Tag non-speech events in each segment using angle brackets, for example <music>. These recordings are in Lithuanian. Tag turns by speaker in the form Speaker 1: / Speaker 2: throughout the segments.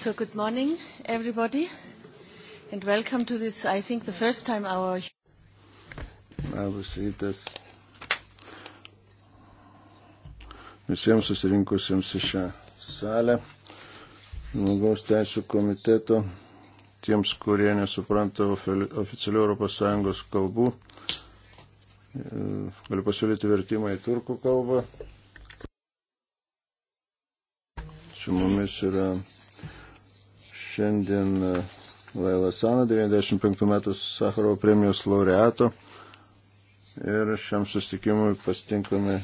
Speaker 1: So good morning, everybody,
Speaker 2: and welcome to this, I think, the first time our...
Speaker 3: Labas rytas visiems susirinkusiems į šią salę, žmogaus teisų komiteto, tiems, kurie nesupranta oficialių ES kalbų. Galiu pasiūlyti vertimą į turkų kalbą. Su mumis yra šiandien e, Laila Sana, 95 metų Sakarovo premijos laureato. Ir šiam sustikimui pastinkame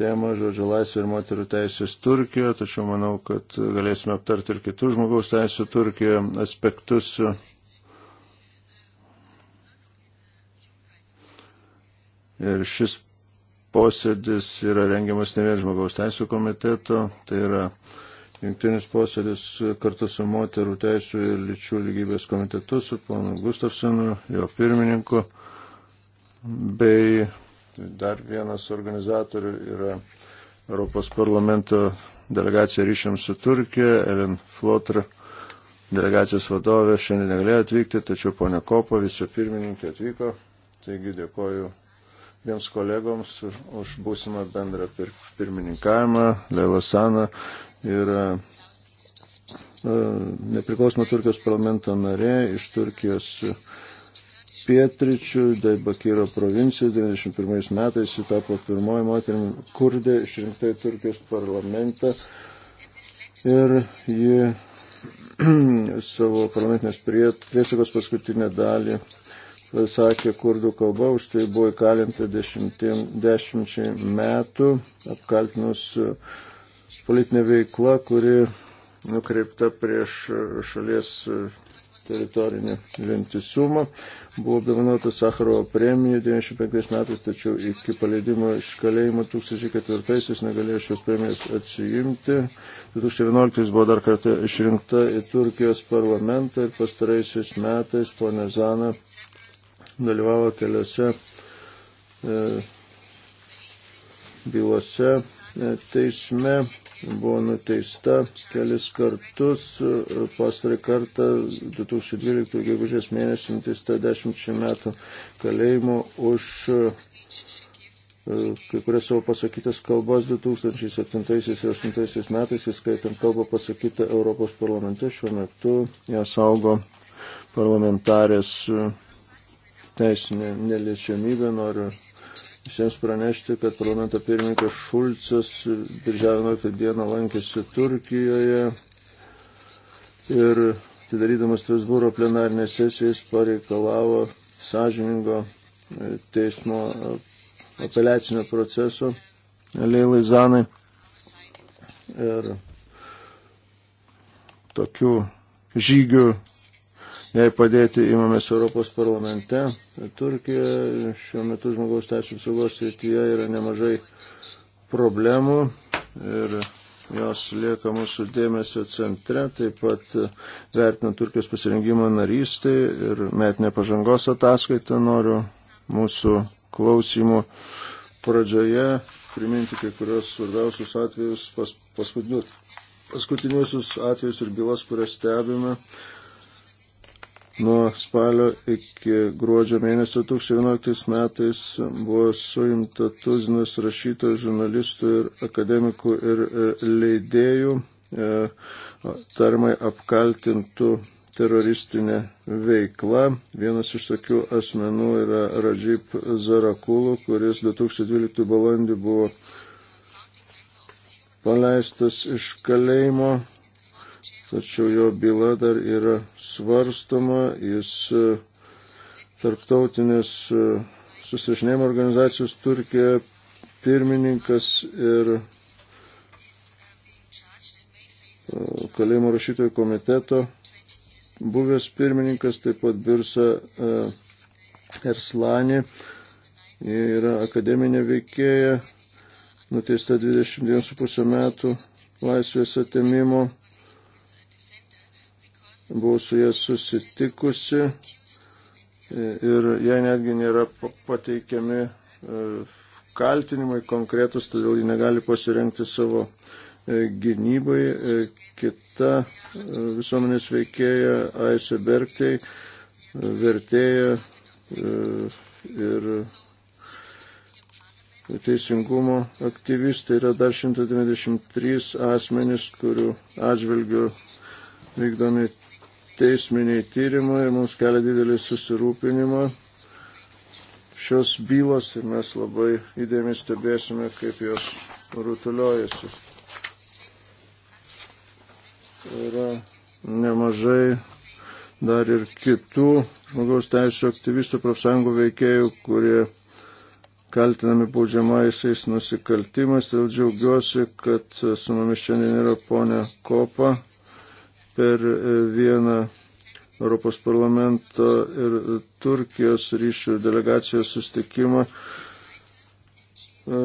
Speaker 3: temą žodžio laisvė ir moterų teisės Turkijoje, tačiau manau, kad galėsime aptarti ir kitus žmogaus teisų Turkijoje aspektus. Ir šis posėdis yra rengiamas ne vien žmogaus teisų komiteto, tai yra uh, Jungtinis posėdis kartu su moterų teisų ir lyčių lygybės komitetu, su ponu Gustafsonu, jo pirmininku, bei dar vienas organizatorių yra Europos parlamento delegacija ryšiams su Turkija, Elin Flotr, delegacijos vadovė, šiandien negalėjo atvykti, tačiau ponia Kopa, viso pirmininkė atvyko. Taigi dėkoju abiems kolegoms už būsimą bendrą pir pirmininkavimą, Leila Sana, yra e, nepriklausoma Turkijos parlamento narė iš Turkijos pietričių, Daibakyro provincijos 91 metais ji tapo pirmoji moterim kurdė išrinkta į Turkijos parlamentą ir ji <clears throat> savo parlamentinės priesakos paskutinę dalį sakė kurdų kalba, už tai buvo įkalinta dešimtim, dešimčiai metų, apkaltinus uh, politinė veikla, kuri nukreipta prieš šalies teritorinį vientisumą. Buvo apdovanota Sakarovo premija 95 metais, tačiau iki paleidimo iš kalėjimo 2004 negalėjo šios premijos atsijimti. 2011 buvo dar kartą išrinkta į Turkijos parlamentą ir pastaraisiais metais ponė Zana dalyvavo keliose e, bylose e, teisme buvo nuteista kelis kartus, e, pastarį kartą 2012 gegužės mėnesį nuteista 10 metų kalėjimo už e, e, kai kurias savo pasakytas kalbas 2007 ir 2008 metais, įskaitant kalbą pasakytą Europos parlamente, šiuo metu ją saugo parlamentarės teisinė neliečiamybė, noriu visiems pranešti, kad parlamento pirmininkas Šulcas birželio 11 dieną lankėsi Turkijoje ir atidarydamas Strasbūro plenarinę sesiją jis pareikalavo sąžiningo e, teismo e, apeliacinio proceso Leilai Zanai. Ir tokių žygių jai padėti įmamės Europos parlamente. Turkija šiuo metu žmogaus teisų apsaugos srityje yra nemažai problemų ir jos lieka mūsų dėmesio centre, taip pat vertinant Turkijos pasirinkimą narystį ir metinę pažangos ataskaitą noriu mūsų klausimų pradžioje priminti kai kurios svarbiausius atvejus pas, paskutinius paskutiniusius atvejus ir bylas, kurias stebime, Nuo spalio iki gruodžio mėnesio 2011 metais buvo suimta tuzinas rašytojų, žurnalistų ir akademikų ir e, leidėjų, e, tarmai apkaltintų teroristinė veikla. Vienas iš tokių asmenų yra Radžip Zarakulu, kuris 2012 balandį buvo paleistas iš kalėjimo tačiau jo byla dar yra svarstoma, jis e, tarptautinės e, susižinėjimo organizacijos Turkija pirmininkas ir e, kalėjimo rašytojų komiteto buvęs pirmininkas, taip pat Birsa Erslani, Jie yra akademinė veikėja, nuteista 22,5 metų laisvės atėmimo buvau su e, jie susitikusi ir jai netgi nėra pateikiami e, kaltinimai konkretus, todėl ji negali pasirengti savo e, gynybai. Kita visuomenės veikėja Aise Berktei, vertėja ir teisingumo aktyvistai yra dar 193 asmenys, kurių atžvilgių vykdomi teisminiai tyrimai ir mums kelia didelį susirūpinimą šios bylos ir mes labai įdėmiai stebėsime, kaip jos rutuliojasi. Yra nemažai dar ir kitų žmogaus teisų aktyvistų profsąjungų veikėjų, kurie kaltinami baudžiamaisiais nusikaltimais. Todėl džiaugiuosi, kad su mumis šiandien yra ponia Kopa, per e, vieną Europos parlamento ir Turkijos ryšių delegacijos sustikimą. E,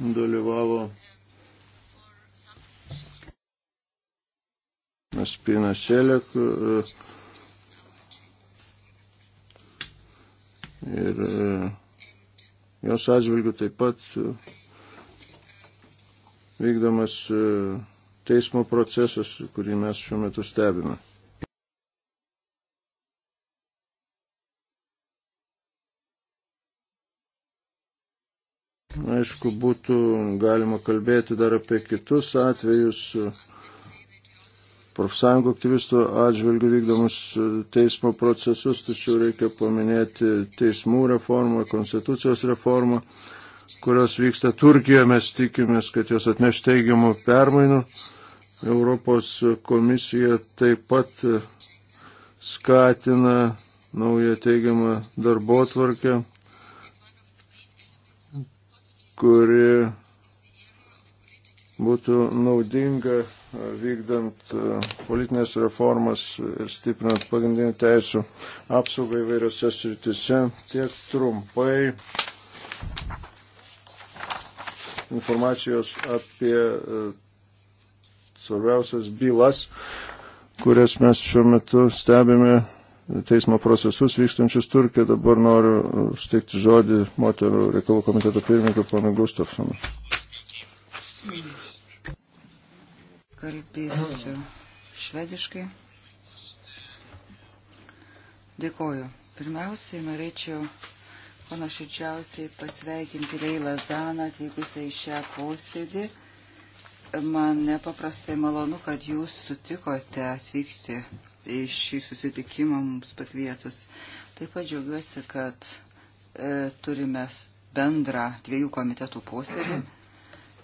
Speaker 3: dalyvavo Spina Selek e, ir jos atžvilgių taip pat vykdomas uh, teismo procesas, kurį mes šiuo metu stebime. Aišku, būtų galima kalbėti dar apie kitus atvejus, profsąjungų aktyvistų atžvilgių vykdomus teismo procesus, tačiau reikia paminėti teismų reformą, konstitucijos reformą kurios vyksta Turkijoje, mes tikimės, kad jos atneš teigiamų permainų. Europos komisija taip pat skatina naują teigiamą darbo tvarkę, kuri būtų naudinga vykdant politinės reformas ir stiprinant pagrindinių teisų apsaugą įvairiose sritise. Tiek trumpai informacijos apie e, svarbiausias bylas, kurias mes šiuo metu stebime teismo procesus vykstančius Turkijoje. Dabar noriu e, steigti žodį moterų reikalų komiteto pirmininkui ponui Gustafsonui.
Speaker 2: Kalbėsiu švediškai. Dėkoju. Pirmiausiai norėčiau panašiausiai pasveikinti Leilą Zaną atvykusią į šią posėdį. Man nepaprastai malonu, kad jūs sutikote atvykti į šį susitikimą mums pakvietus. Taip pat džiaugiuosi, kad e, turime bendrą dviejų komitetų posėdį.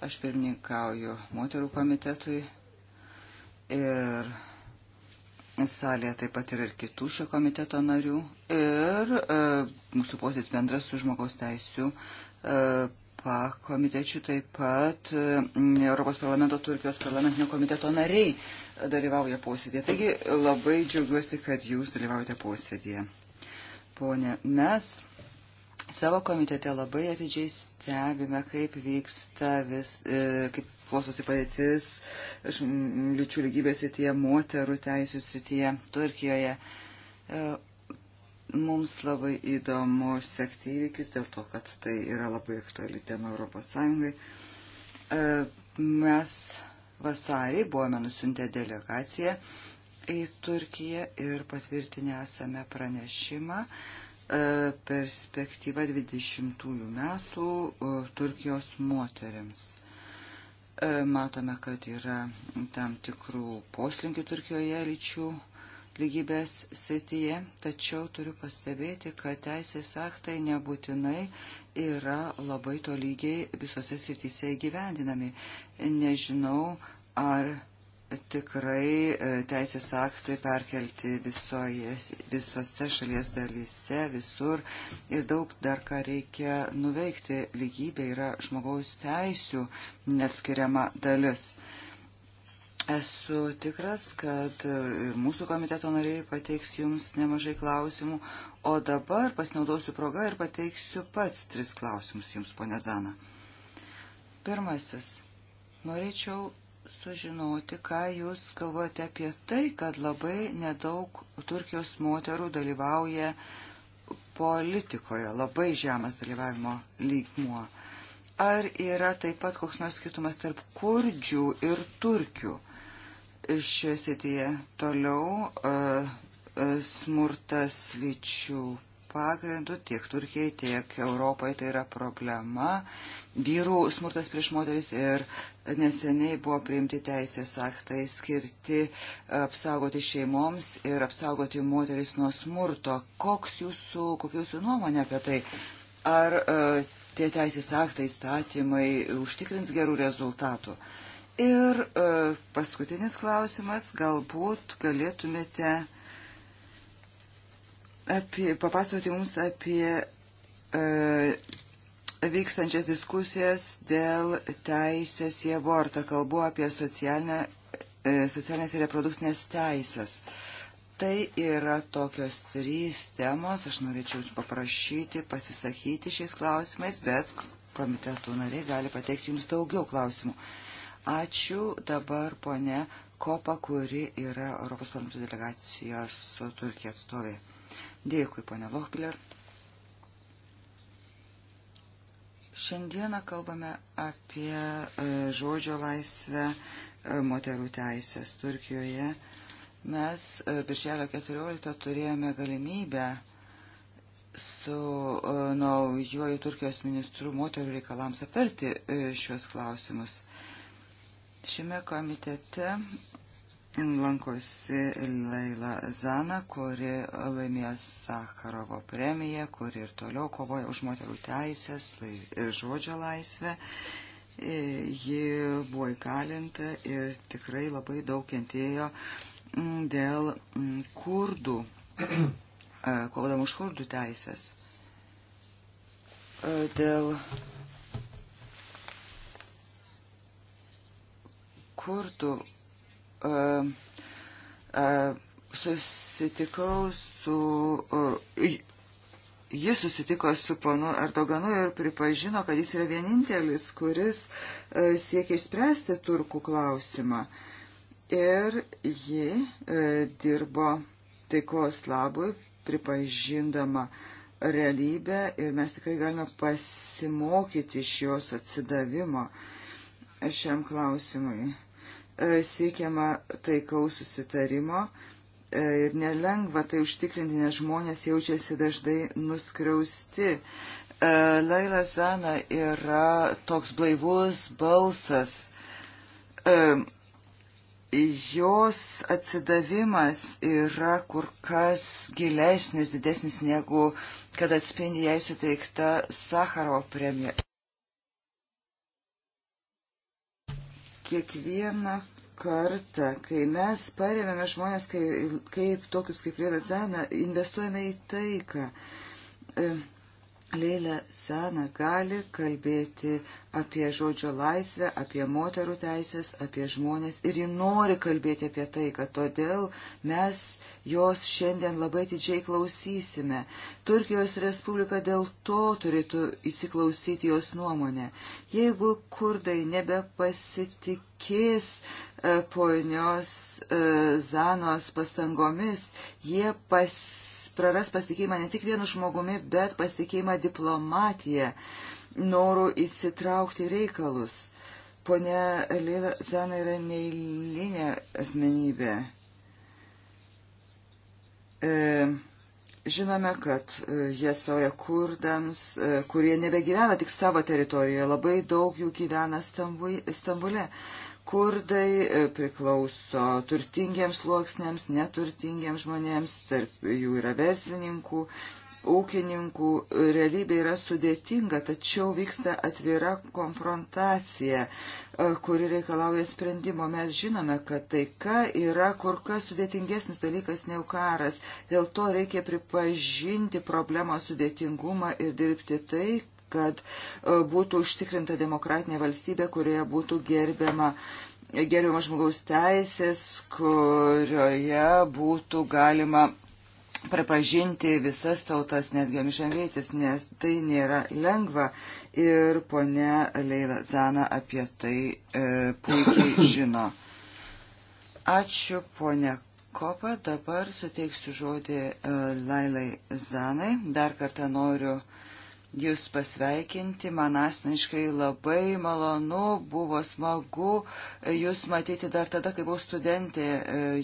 Speaker 2: Aš pirmininkauju moterų komitetui ir Salėje taip pat yra ir kitų šio komiteto narių. Ir e, mūsų posėdis bendras su žmogaus teisų e, pakomitečiu taip pat e, Europos parlamento Turkijos parlamentinio komiteto nariai dalyvauja posėdėje. Taigi labai džiaugiuosi, kad jūs dalyvaujate posėdėje. Pone, mes savo komitete labai atidžiai stebime, kaip vyksta vis, e, kaip klostosi padėtis lyčių lygybės srityje, moterų teisų srityje Turkijoje. E, mums labai įdomu sekti įvykius dėl to, kad tai yra labai aktuali tema Europos Sąjungai. E, mes vasarį buvome nusiuntę delegaciją į Turkiją ir patvirtinę esame pranešimą e, perspektyva 20 metų Turkijos moteriams. E, matome, kad yra tam tikrų poslinkių Turkijoje lyčių lygybės srityje, tačiau turiu pastebėti, kad teisės aktai nebūtinai yra labai tolygiai visose srityse įgyvendinami. Nežinau, ar tikrai e, teisės aktai perkelti visoje, visose šalies dalyse, visur ir daug dar ką reikia nuveikti. Lygybė yra žmogaus teisių neatskiriama dalis. Esu tikras, kad ir e, mūsų komiteto nariai pateiks jums nemažai klausimų, o dabar pasinaudosiu progą ir pateiksiu pats tris klausimus jums, ponė Zana. Pirmasis. Norėčiau sužinoti, ką Jūs galvojate apie tai, kad labai nedaug Turkijos moterų dalyvauja politikoje, labai žemas dalyvavimo lygmuo. Ar yra taip pat koks nors skirtumas tarp kurdžių ir turkių? Šioje srityje toliau e, e, smurtas lyčių pagrindų tiek Turkijai, tiek Europai tai yra problema vyrų smurtas prieš moteris ir neseniai buvo priimti teisės aktai skirti apsaugoti šeimoms ir apsaugoti moteris nuo smurto. Koks jūsų, kokia jūsų nuomonė apie tai? Ar uh, tie teisės aktai, statymai užtikrins gerų rezultatų? Ir uh, paskutinis klausimas, galbūt galėtumėte apie, papasakoti mums apie uh, vykstančias diskusijas dėl teisės į abortą. Kalbu apie socialinę, e, socialinės ir reprodukcinės teisės. Tai yra tokios trys temos. Aš norėčiau Jūs paprašyti, pasisakyti šiais klausimais, bet komitetų nariai gali pateikti Jums daugiau klausimų. Ačiū dabar ponė Kopa, kuri yra Europos parlamento delegacijos su Turkija atstovė. Dėkui, ponė Lochbiller. Šiandieną kalbame apie e, žodžio laisvę e, moterų teisės Turkijoje. Mes e, birželio 14 turėjome galimybę su naujoju Turkijos ministru moterų reikalams aptarti šios klausimus. Šiame komitete lankosi Leila Zana, kuri laimėjo Sakarovo premiją, kuri ir toliau kovoja už moterų teisės, lai, žodžio laisvę. E, ji buvo įkalinta ir tikrai labai daug kentėjo mm, dėl mm, kurdų, e, kovodama už kurdų teisės. E, dėl kurdų uh, uh, susitikau su. Uh, e, jis susitiko su ponu Erdoganu ir pripažino, kad jis yra vienintelis, kuris siekia išspręsti turkų klausimą. Ir ji dirbo taikos labui, pripažindama realybę ir mes tikrai galime pasimokyti iš jos atsidavimo šiam klausimui. E, siekiama taikaus susitarimo e, ir nelengva tai užtikrinti, nes žmonės jaučiasi dažnai nuskriausti. E, Laila Zana yra toks blaivus balsas. Jos atsidavimas yra kur kas gilesnis, didesnis negu kad atspindi jai suteikta Sakarovo premija. kiekvieną kartą, kai mes paremėme žmonės kaip, kaip tokius kaip Vieną Zaną, investuojame į taiką. E, Leila Sena gali kalbėti apie žodžio laisvę, apie moterų teisės, apie žmonės ir ji nori kalbėti apie tai, kad todėl mes jos šiandien labai didžiai klausysime. Turkijos Respublika dėl to turėtų įsiklausyti jos nuomonę. Jeigu kurdai nebepasitikės e, ponios e, Zanos pastangomis, jie pasitikės praras pasitikėjimą ne tik vienu žmogumi, bet pasitikėjimą diplomatiją, norų įsitraukti reikalus. Pone Leila Zana yra neįlinė asmenybė. E, žinome, kad e, jie savoja kurdams, e, kurie nebegyvena tik savo teritorijoje, labai daug jų gyvena Stambulė. Stambulė. Kurdai e, priklauso turtingiems sluoksniams, neturtingiems žmonėms, tarp jų yra verslininkų, ūkininkų. Realybė yra sudėtinga, tačiau vyksta atvira konfrontacija, e, kuri reikalauja sprendimo. Mes žinome, kad taika yra kur kas sudėtingesnis dalykas nei karas. Dėl to reikia pripažinti problemos sudėtingumą ir dirbti tai, kad e, būtų užtikrinta demokratinė valstybė, kurioje būtų gerbiama gerbiamas žmogaus teisės, kurioje būtų galima pripažinti visas tautas, netgi amžinvėtis, nes tai nėra lengva. Ir ponia Leila Zana apie tai e, puikiai <coughs> žino. Ačiū, ponia Kopa. Dabar suteiksiu žodį e, Lailai Zanai. Dar kartą noriu e, Jūs pasveikinti, man asmeniškai labai malonu, buvo smagu Jūs matyti dar tada, kai buvau studentė.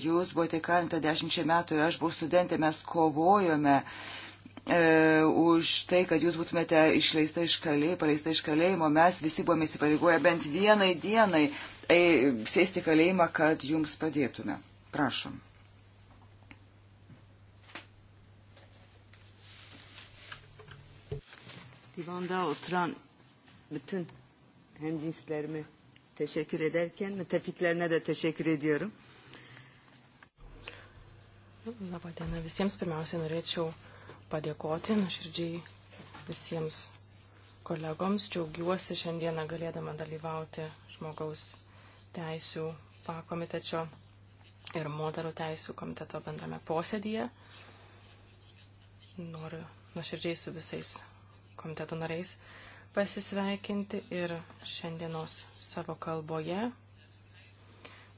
Speaker 2: Jūs buvote kalinta dešimčiai metų ir aš buvau studentė, mes kovojome e, už tai, kad jūs būtumėte išleista iš kalėjimo, paleista iš kalėjimo, mes visi buvome įsipareigoję bent vienai dienai e, sėsti kalėjimą, kad jums padėtume. Prašom. divanda oturan bütün hemcinslerimi teşekkür ederken mütefiklerine de teşekkür ediyorum.
Speaker 1: Labą dieną visiems. Pirmiausiai norėčiau padėkoti nuoširdžiai visiems kolegoms. Džiaugiuosi šiandieną galėdama dalyvauti žmogaus teisų pakomitečio ir moterų teisų komiteto bendrame posėdyje. Noriu nuoširdžiai su visais komiteto nariais pasisveikinti ir šiandienos savo kalboje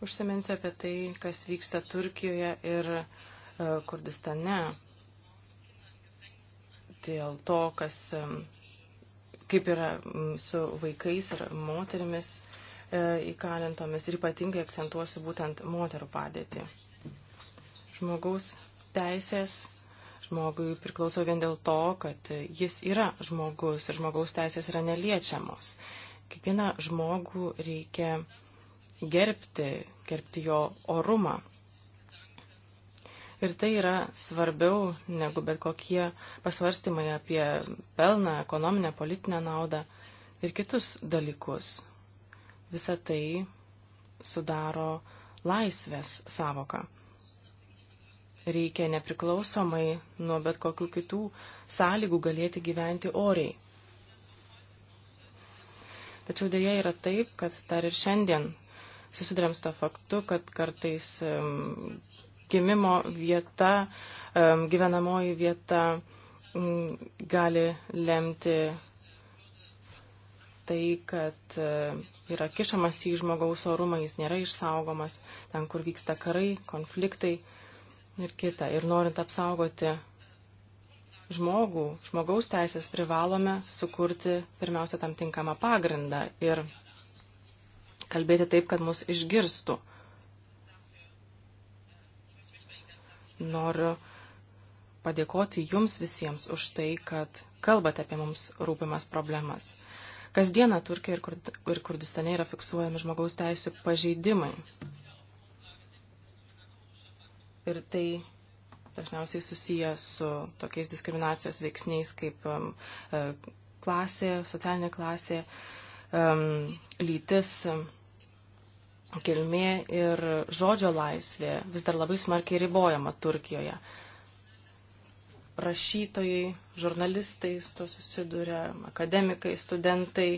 Speaker 1: užsiminsiu apie tai, kas vyksta Turkijoje ir e, Kurdistane. Dėl to, kas, e, kaip yra su vaikais ir moterimis e, įkalintomis ir ypatingai akcentuosiu būtent moterų padėtį. Žmogaus teisės žmogui priklauso vien dėl to, kad jis yra žmogus ir žmogaus teisės yra neliečiamos. Kiekvieną žmogų reikia gerbti, gerbti jo orumą. Ir tai yra svarbiau negu bet kokie pasvarstymai apie pelną, ekonominę, politinę naudą ir kitus dalykus. Visa tai sudaro laisvės savoką reikia nepriklausomai nuo bet kokių kitų sąlygų galėti gyventi oriai. Tačiau dėja yra taip, kad dar ir šiandien susidurėm su to faktu, kad kartais um, gimimo vieta, um, gyvenamoji vieta um, gali lemti tai, kad um, yra kišamas į žmogaus orumą, jis nėra išsaugomas ten, kur vyksta karai, konfliktai. Um, ir kita. Ir norint apsaugoti žmogų, žmogaus teisės, privalome sukurti pirmiausia tam tinkamą pagrindą ir kalbėti taip, kad mus išgirstų. Noriu padėkoti jums visiems už tai, kad kalbate apie mums rūpimas problemas. Kasdieną Turkija ir, Kurd ir Kurdistane yra fiksuojami žmogaus teisų pažeidimai ir tai dažniausiai susiję su tokiais diskriminacijos veiksniais kaip um, e, klasė, socialinė klasė, um, lytis, kilmė ir žodžio laisvė vis dar labai smarkiai ribojama Turkijoje. Rašytojai, žurnalistai su to susiduria, akademikai, studentai,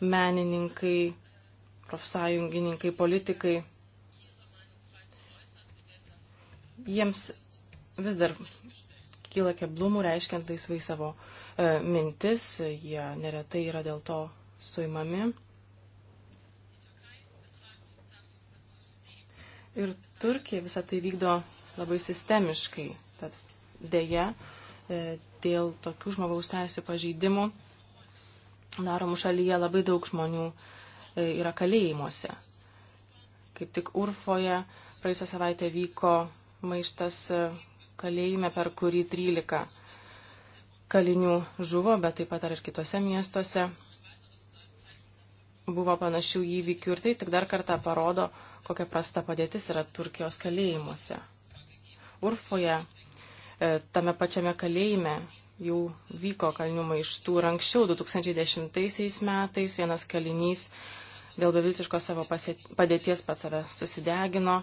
Speaker 1: menininkai, profsąjungininkai, politikai jiems vis dar kyla keblumų, reiškiant laisvai savo e, mintis, jie neretai yra dėl to suimami. Ir Turkija visą tai vykdo labai sistemiškai. Tad dėja, e, dėl tokių žmogaus teisų pažeidimų daromų šalyje labai daug žmonių e, yra kalėjimuose. Kaip tik Urfoje praėjusią savaitę vyko maištas e, kalėjime, per kurį 13 kalinių žuvo, bet taip pat ar ir kitose miestuose buvo panašių įvykių ir tai tik dar kartą parodo, kokia prasta padėtis yra Turkijos kalėjimuose. Urfoje, e, tame pačiame kalėjime, jau vyko kalinių maištų ir anksčiau, 2010 metais, vienas kalinys dėl beviltiško savo padėties pats save susidegino,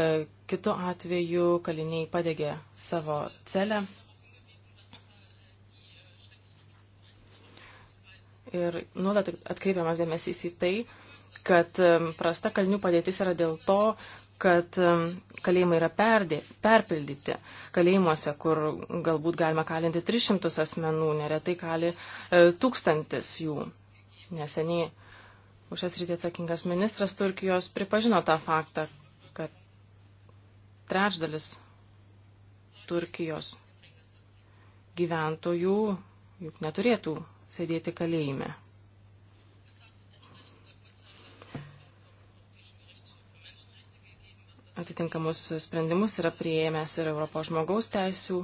Speaker 1: e, kitu atveju kaliniai padegė savo celę. Ir nuolat atkreipiamas dėmesys į tai, kad e, prasta kalinių padėtis yra dėl to, kad e, kalėjimai yra perdė, perpildyti. Kalėjimuose, kur galbūt galima kalinti 300 asmenų, neretai kali e, tūkstantis jų. Neseniai už šias rytį atsakingas ministras Turkijos pripažino tą faktą, kad trečdalis Turkijos gyventojų juk neturėtų sėdėti kalėjime. Atitinkamus sprendimus yra prieėmęs ir Europos žmogaus teisų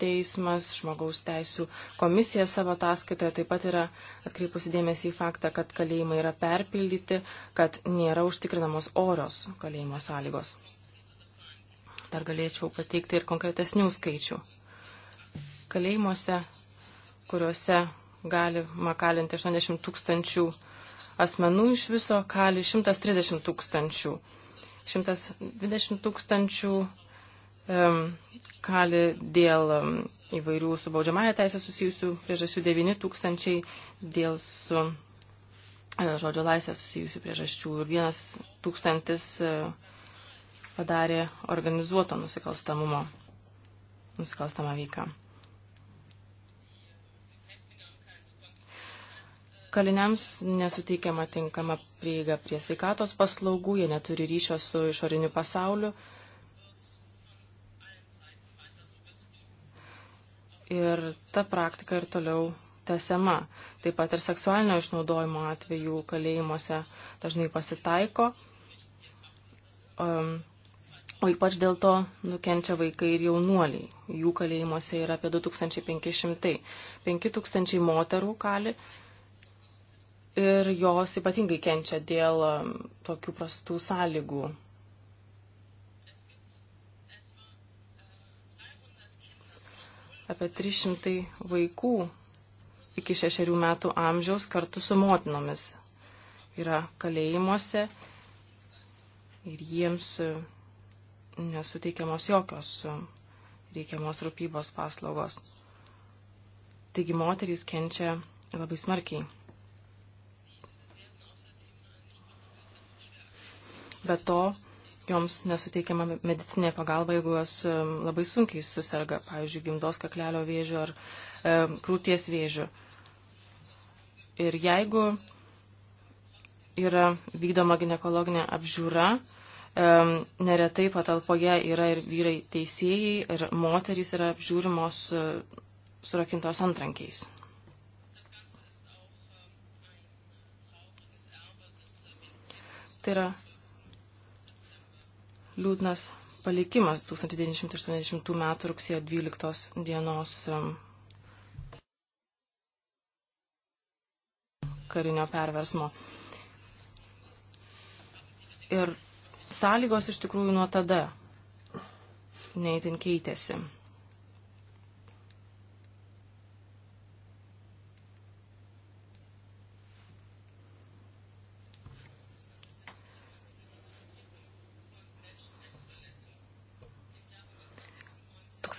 Speaker 1: teismas, žmogaus teisų komisija savo ataskaitoje taip pat yra atkreipusi dėmesį į faktą, kad kalėjimai yra perpildyti, kad nėra užtikrinamos orios kalėjimo sąlygos. Dar galėčiau pateikti ir konkretesnių skaičių. Kalėjimuose, kuriuose galima kalinti 80 tūkstančių asmenų iš viso, kali 130 tūkstančių. 120 tūkstančių um, kali dėl um, įvairių su baudžiamąją teisę susijusių priežasčių, 9 tūkstančiai dėl su e, žodžio laisvę susijusių priežasčių ir vienas tūkstantis e, padarė organizuoto nusikalstamumo nusikalstamą veiką. Kaliniams nesuteikiama tinkama prieiga prie sveikatos paslaugų, jie neturi ryšio su išoriniu pasauliu ir ta praktika ir toliau tęsiama. Taip pat ir seksualinio išnaudojimo atvejų kalėjimuose dažnai pasitaiko. Um, O ypač dėl to nukenčia vaikai ir jaunuoliai. Jų kalėjimuose yra apie 2500. 5000 moterų kali ir jos ypatingai kenčia dėl um, tokių prastų sąlygų apie 300 vaikų iki šešerių metų amžiaus kartu su motinomis yra kalėjimuose ir jiems e, nesuteikiamos jokios e, reikiamos rūpybos paslaugos. Taigi moterys kenčia labai smarkiai. Be to, joms nesuteikiama medicinė pagalba, jeigu jos labai sunkiai susirga, pavyzdžiui, gimdos kaklelio vėžio ar e, krūties vėžio. Ir jeigu yra vykdoma gynekologinė apžiūra, e, neretai patalpoje yra ir vyrai teisėjai, ir moterys yra apžiūrimos e, surakintos antrankiais. Tai yra liūdnas palikimas 1980 m. rugsėjo 12 dienos karinio perversmo. Ir sąlygos iš tikrųjų nuo tada neįtin keitėsi.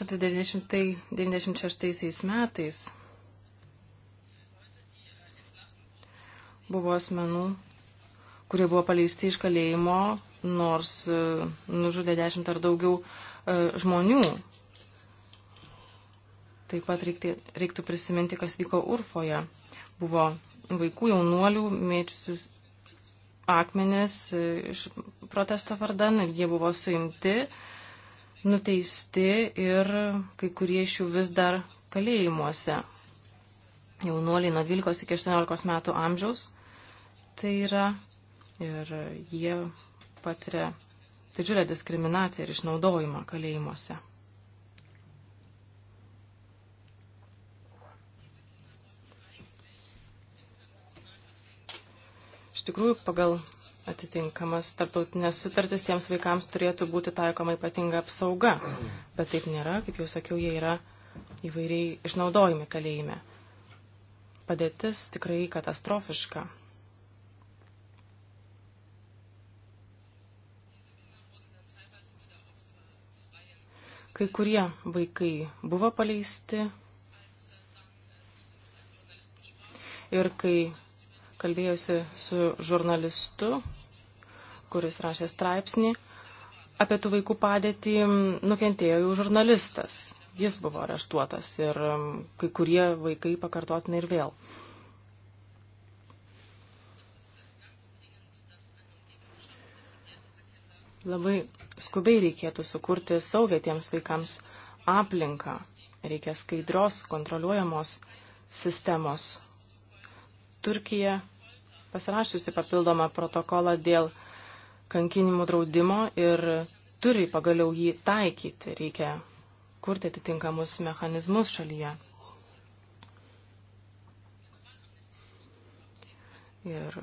Speaker 1: 1996 metais buvo asmenų, kurie buvo paleisti iš kalėjimo, nors e, nužudė dešimt ar daugiau e, žmonių. Taip pat reiktų prisiminti, kas vyko Urfoje. Buvo vaikų jaunuolių mėčiusius akmenis e, iš protesto vardan ir jie buvo suimti nuteisti ir kai kurie iš jų vis dar kalėjimuose. Jaunuoliai nuo 12 iki 18 metų amžiaus tai yra ir jie patiria didžiulę diskriminaciją ir išnaudojimą kalėjimuose. Iš tikrųjų, pagal atitinkamas tarptautinės sutartis, tiems vaikams turėtų būti taikoma ypatinga apsauga. Bet taip nėra, kaip jau sakiau, jie yra įvairiai išnaudojami kalėjime. Padėtis tikrai katastrofiška. Kai kurie vaikai buvo paleisti ir kai kalbėjusi su žurnalistu, kuris rašė straipsnį apie tų vaikų padėtį, nukentėjo jų žurnalistas. Jis buvo areštuotas ir um, kai kurie vaikai pakartotinai ir vėl. Labai skubiai reikėtų sukurti saugę tiems vaikams aplinką. Reikia skaidrios, kontroliuojamos sistemos. Turkija pasirašiusi papildomą protokolą dėl kankinimų draudimo ir turi pagaliau jį taikyti. Reikia kurti atitinkamus mechanizmus šalyje. Ir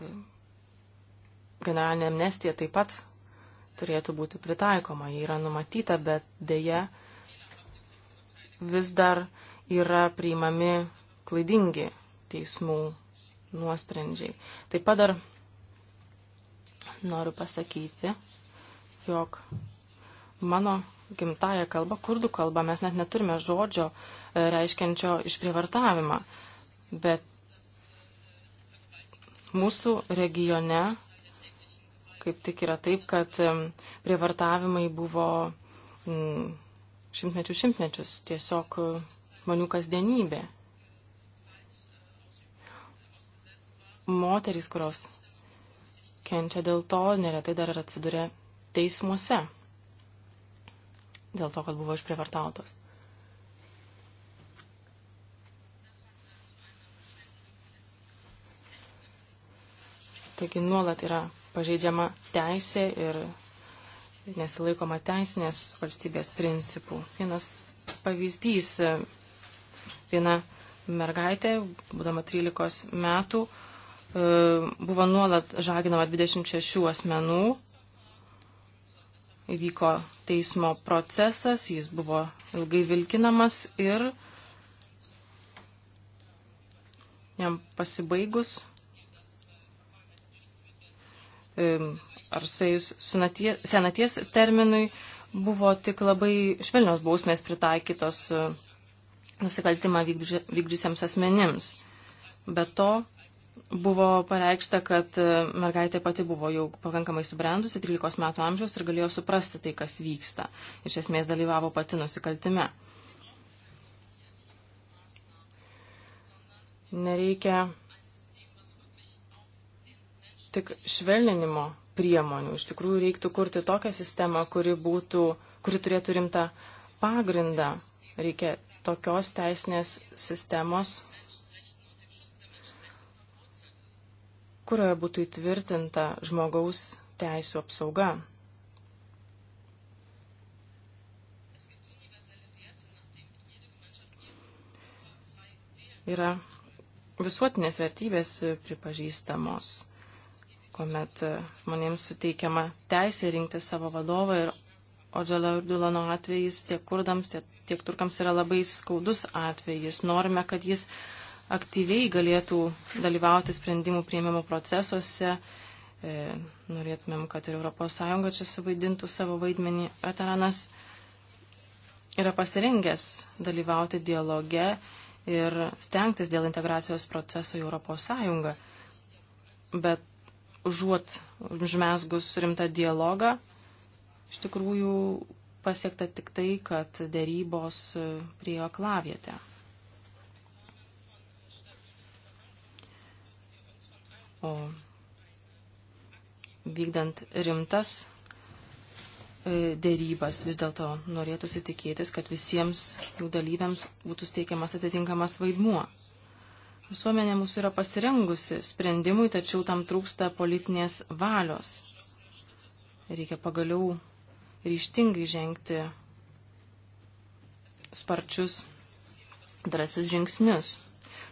Speaker 1: generalinė amnestija taip pat turėtų būti pritaikoma. Ji yra numatyta, bet dėja vis dar yra priimami klaidingi teismų nuosprendžiai. Taip pat dar noriu pasakyti, jog mano gimtaja kalba, kurdų kalba, mes net neturime žodžio e, reiškiančio išprivartavimą, bet mūsų regione kaip tik yra taip, kad e, prievartavimai buvo šimtmečių šimtmečius tiesiog e, žmonių kasdienybė. moterys, kurios kenčia dėl to, neretai dar ir atsiduria teismuose dėl to, kad buvo išprievartautos. Taigi nuolat yra pažeidžiama teisė ir nesilaikoma teisinės valstybės principų. Vienas pavyzdys, viena mergaitė, būdama 13 metų, E, buvo nuolat žaginama 26 asmenų. Įvyko teismo procesas, jis buvo ilgai vilkinamas ir jam pasibaigus e, ar suėjus senaties terminui buvo tik labai švelnios bausmės pritaikytos e, nusikaltimą vykdžiusiems asmenims. Be to, buvo pareikšta, kad e, mergaitė pati buvo jau pakankamai subrendusi, 13 metų amžiaus ir galėjo suprasti tai, kas vyksta. Iš esmės dalyvavo pati nusikaltime. Nereikia tik švelninimo priemonių. Iš tikrųjų reiktų kurti tokią sistemą, kuri, būtų, kuri turėtų rimtą pagrindą. Reikia tokios teisinės sistemos, kurioje būtų įtvirtinta žmogaus teisų apsauga. Yra visuotinės vertybės pripažįstamos, kuomet žmonėms suteikiama teisė rinkti savo vadovą ir Odžala Urdulano atvejis tiek kurdams, tiek, tiek turkams yra labai skaudus atvejis. Norime, kad jis uh, aktyviai galėtų dalyvauti sprendimų prieimimo procesuose. E, norėtumėm, kad ir ES čia suvaidintų savo vaidmenį. Veteranas yra pasirengęs dalyvauti dialoge ir stengtis dėl integracijos proceso į ES. Bet užuot užmesgus rimtą dialogą, iš tikrųjų pasiekta tik tai, kad dėrybos priejo klavietę. O vykdant rimtas e, dėrybas vis dėlto norėtųsi tikėtis, kad visiems jų dalyviams būtų steikiamas atitinkamas vaidmuo. Visuomenė mūsų yra pasirengusi sprendimui, tačiau tam trūksta politinės valios. Reikia pagaliau ryštingai žengti sparčius drąsius žingsnius.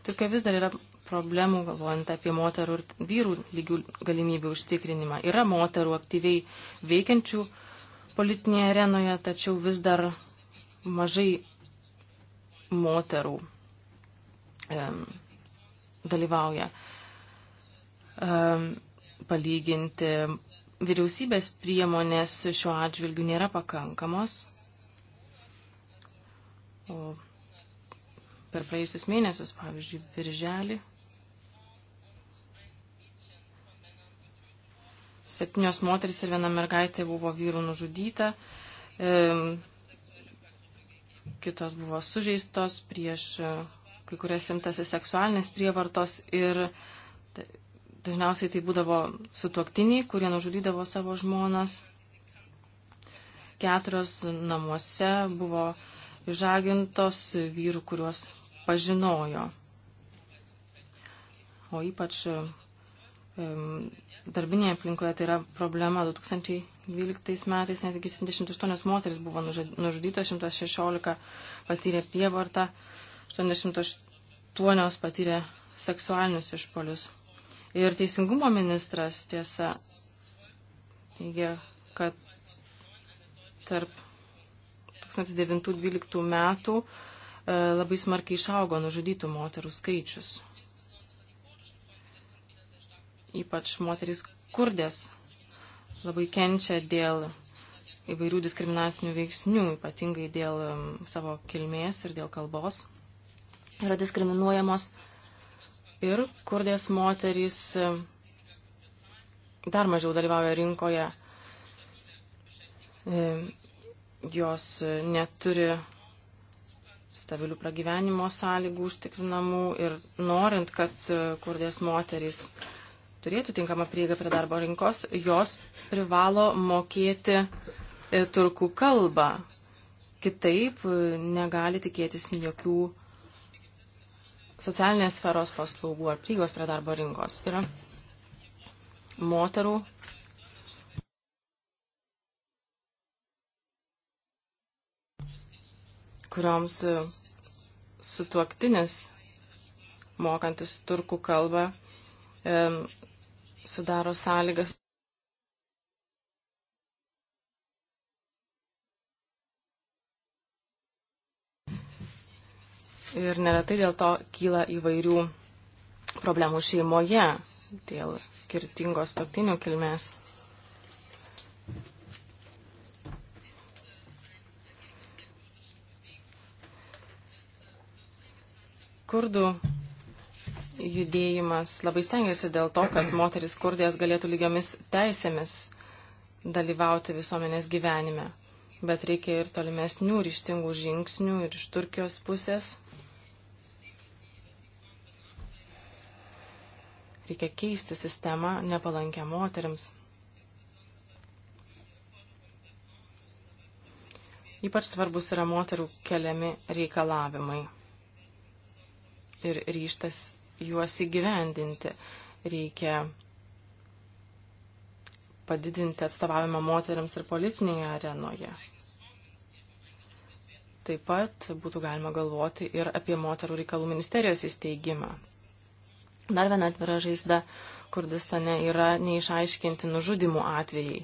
Speaker 1: Turkija vis dar yra problemų, galvojant apie moterų ir vyrų lygių galimybių užtikrinimą. Yra moterų aktyviai veikiančių politinėje arenoje, tačiau vis dar mažai moterų e, dalyvauja. E, palyginti vyriausybės priemonės šiuo atžvilgiu nėra pakankamos. O per praėjusius mėnesius, pavyzdžiui, birželį Septynios moteris ir viena mergaitė buvo vyrų nužudyta, e, kitos buvo sužeistos prieš e, kai kurias imtasi seksualinės prievartos ir dažniausiai tai būdavo sutuoktiniai, kurie nužudydavo savo žmonas. Keturios namuose buvo išžagintos vyrų, kuriuos pažinojo. O ypač darbinėje aplinkoje tai yra problema. 2012 metais netgi 78 moteris buvo nužudytos, 116 patyrė prievartą, 88 patyrė seksualinius išpolius. Ir teisingumo ministras tiesa teigia, kad tarp 2009-2012 metų e, labai smarkiai išaugo nužudytų moterų skaičius ypač moterys kurdės labai kenčia dėl įvairių diskriminacinių veiksnių, ypatingai dėl um, savo kilmės ir dėl kalbos yra diskriminuojamos. Ir kurdės moterys um, dar mažiau dalyvauja rinkoje. Um, jos neturi stabilių pragyvenimo sąlygų užtikrinamų ir norint, kad uh, kurdės moterys turėtų tinkamą prieigą prie darbo rinkos, jos privalo mokėti e, turkų kalbą. Kitaip e, negali tikėtis jokių socialinės sferos paslaugų ar prieigos prie darbo rinkos. Yra moterų. kurioms e, sutuoktinis mokantis turkų kalbą sudaro sąlygas. Ir neretai dėl to kyla įvairių problemų šeimoje dėl skirtingos toktinių kilmės. Kurdų judėjimas labai stengiasi dėl to, kad moteris kurdės galėtų lygiamis teisėmis dalyvauti visuomenės gyvenime. Bet reikia ir tolimesnių ryštingų žingsnių ir iš Turkijos pusės. Reikia keisti sistemą nepalankę moteriams. Ypač svarbus yra moterų keliami reikalavimai ir ryštas juos įgyvendinti. Reikia padidinti atstovavimą moteriams ir politinėje arenoje. Taip pat būtų galima galvoti ir apie moterų reikalų ministerijos įsteigimą. Dar viena atvira žaizda Kurdistane yra neišaiškinti nužudimų atvejai.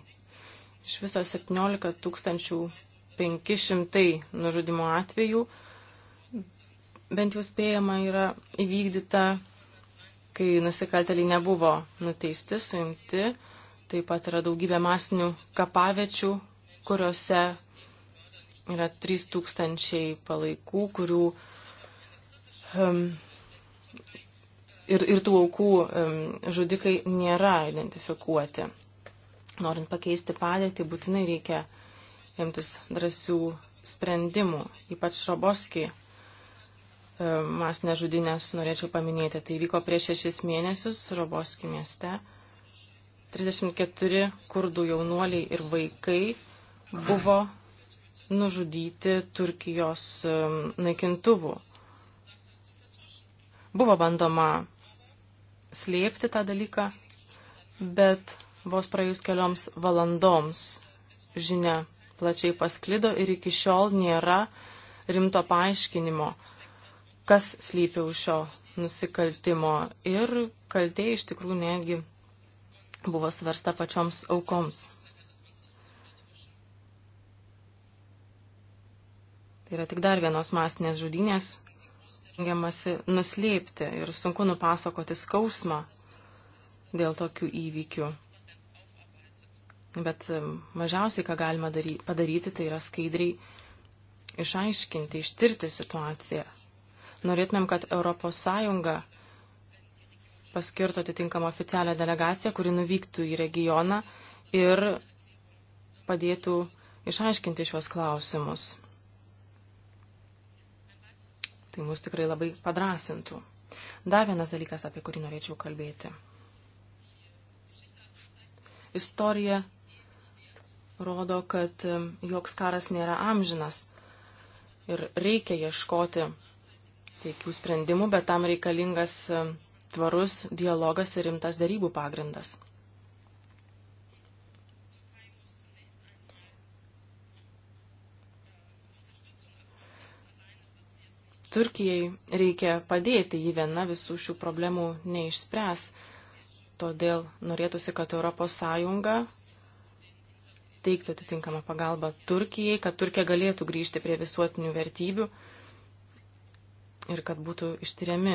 Speaker 1: Iš viso 17 500 nužudimų atvejų bent jau spėjama yra įvykdyta, kai nusikalteliai nebuvo nuteisti, suimti. Taip pat yra daugybė masinių kapavečių, kuriuose yra 3000 palaikų, kurių um, ir, ir tų aukų um, žudikai nėra identifikuoti. Norint pakeisti padėtį, būtinai reikia imtis drąsių sprendimų, ypač Roboski E, masinės žudinės norėčiau paminėti. Tai vyko prieš šešis mėnesius Roboski mieste. 34 kurdų jaunuoliai ir vaikai buvo nužudyti Turkijos e, naikintuvų. Buvo bandoma slėpti tą dalyką, bet vos praėjus kelioms valandoms žinia plačiai pasklido ir iki šiol nėra rimto paaiškinimo, kas slypi už šio nusikaltimo ir kaltė iš tikrųjų netgi buvo svarsta pačioms aukoms. Tai yra tik dar vienos masinės žudynės, rengiamasi nuslėpti ir sunku nupasakoti skausmą dėl tokių įvykių. Bet um, mažiausiai, ką galima daryti, padaryti, tai yra skaidriai išaiškinti, ištirti situaciją Norėtumėm, kad ES paskirtų atitinkamą oficialią delegaciją, kuri nuvyktų į regioną ir padėtų išaiškinti šios klausimus. Tai mus tikrai labai padrasintų. Dar vienas dalykas, apie kurį norėčiau kalbėti. Istorija rodo, kad joks karas nėra amžinas ir reikia ieškoti taikių sprendimų, bet tam reikalingas e, tvarus dialogas ir rimtas darybų pagrindas. Turkijai reikia padėti, ji viena visų šių problemų neišspręs. Todėl norėtųsi, kad ES teiktų atitinkamą pagalbą Turkijai, kad Turkija galėtų grįžti prie visuotinių vertybių ir kad būtų ištyriami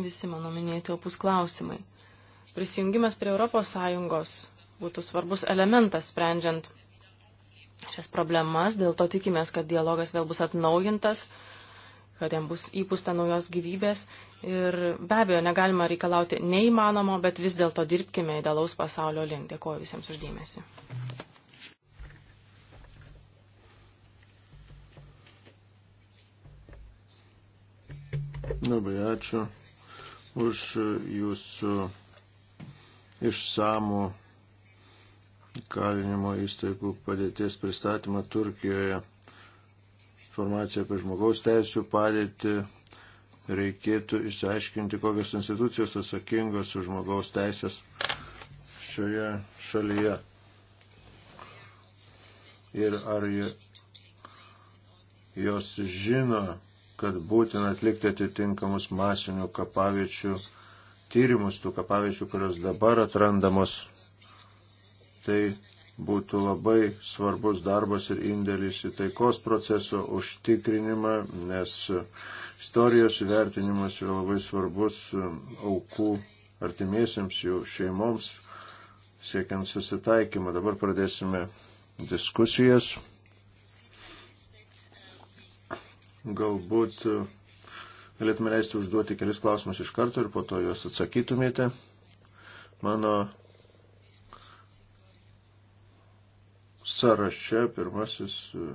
Speaker 1: visi mano minėti opus klausimai. Prisijungimas prie ES būtų svarbus elementas sprendžiant šias problemas, dėl to tikimės, kad dialogas vėl bus atnaujintas, kad jam bus įpūsta naujos gyvybės ir be abejo negalima reikalauti neįmanomo, bet vis dėlto dirbkime idealaus pasaulio link. Dėkuoju visiems uždėmesi.
Speaker 3: Labai ačiū už jūsų išsamų kalinimo įstaigų padėties pristatymą Turkijoje. Informacija apie žmogaus teisų padėtį reikėtų išsiaiškinti, kokios institucijos atsakingos už žmogaus teisės šioje šalyje. Ir ar jos žino kad būtina atlikti atitinkamus masinių kapaviečių tyrimus, tų kapaviečių, kurios dabar atrandamos. Tai būtų labai svarbus darbas ir indėlis į taikos proceso užtikrinimą, nes istorijos įvertinimas yra labai svarbus aukų artimiesiams jų šeimoms, siekiant susitaikymą. Dabar pradėsime diskusijas. Galbūt uh, galėtume leisti užduoti kelis klausimus iš karto ir po to juos atsakytumėte. Mano sąraše pirmasis uh,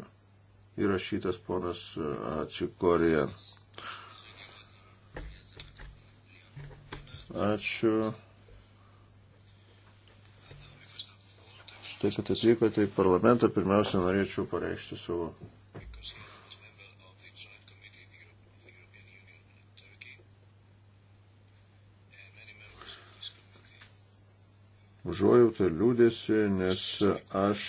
Speaker 3: įrašytas ponas uh, Ačikorija. Ačiū. Štai, kad atvykote į parlamentą, pirmiausia, norėčiau pareikšti savo užuojautą liūdėsi, nes aš,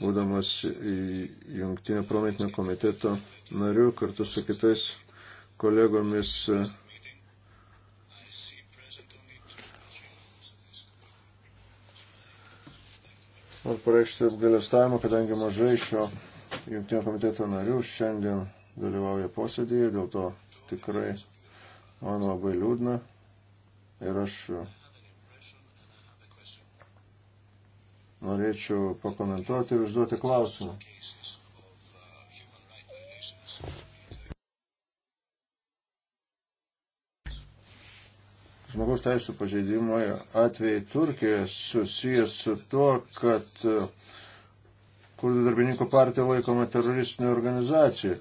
Speaker 3: būdamas jungtinio prometinio komiteto nariu, kartu su kitais kolegomis Noriu pareikšti apgalėstavimą, kadangi mažai šio jungtinio komiteto narių šiandien dalyvauja posėdėje, dėl to tikrai man labai liūdna ir aš norėčiau pakomentuoti ir užduoti klausimą. Žmogaus teisų pažeidimai atvejai Turkijoje susijęs su tuo, kad e, kurdų darbininkų partija laikoma teroristinė organizacija.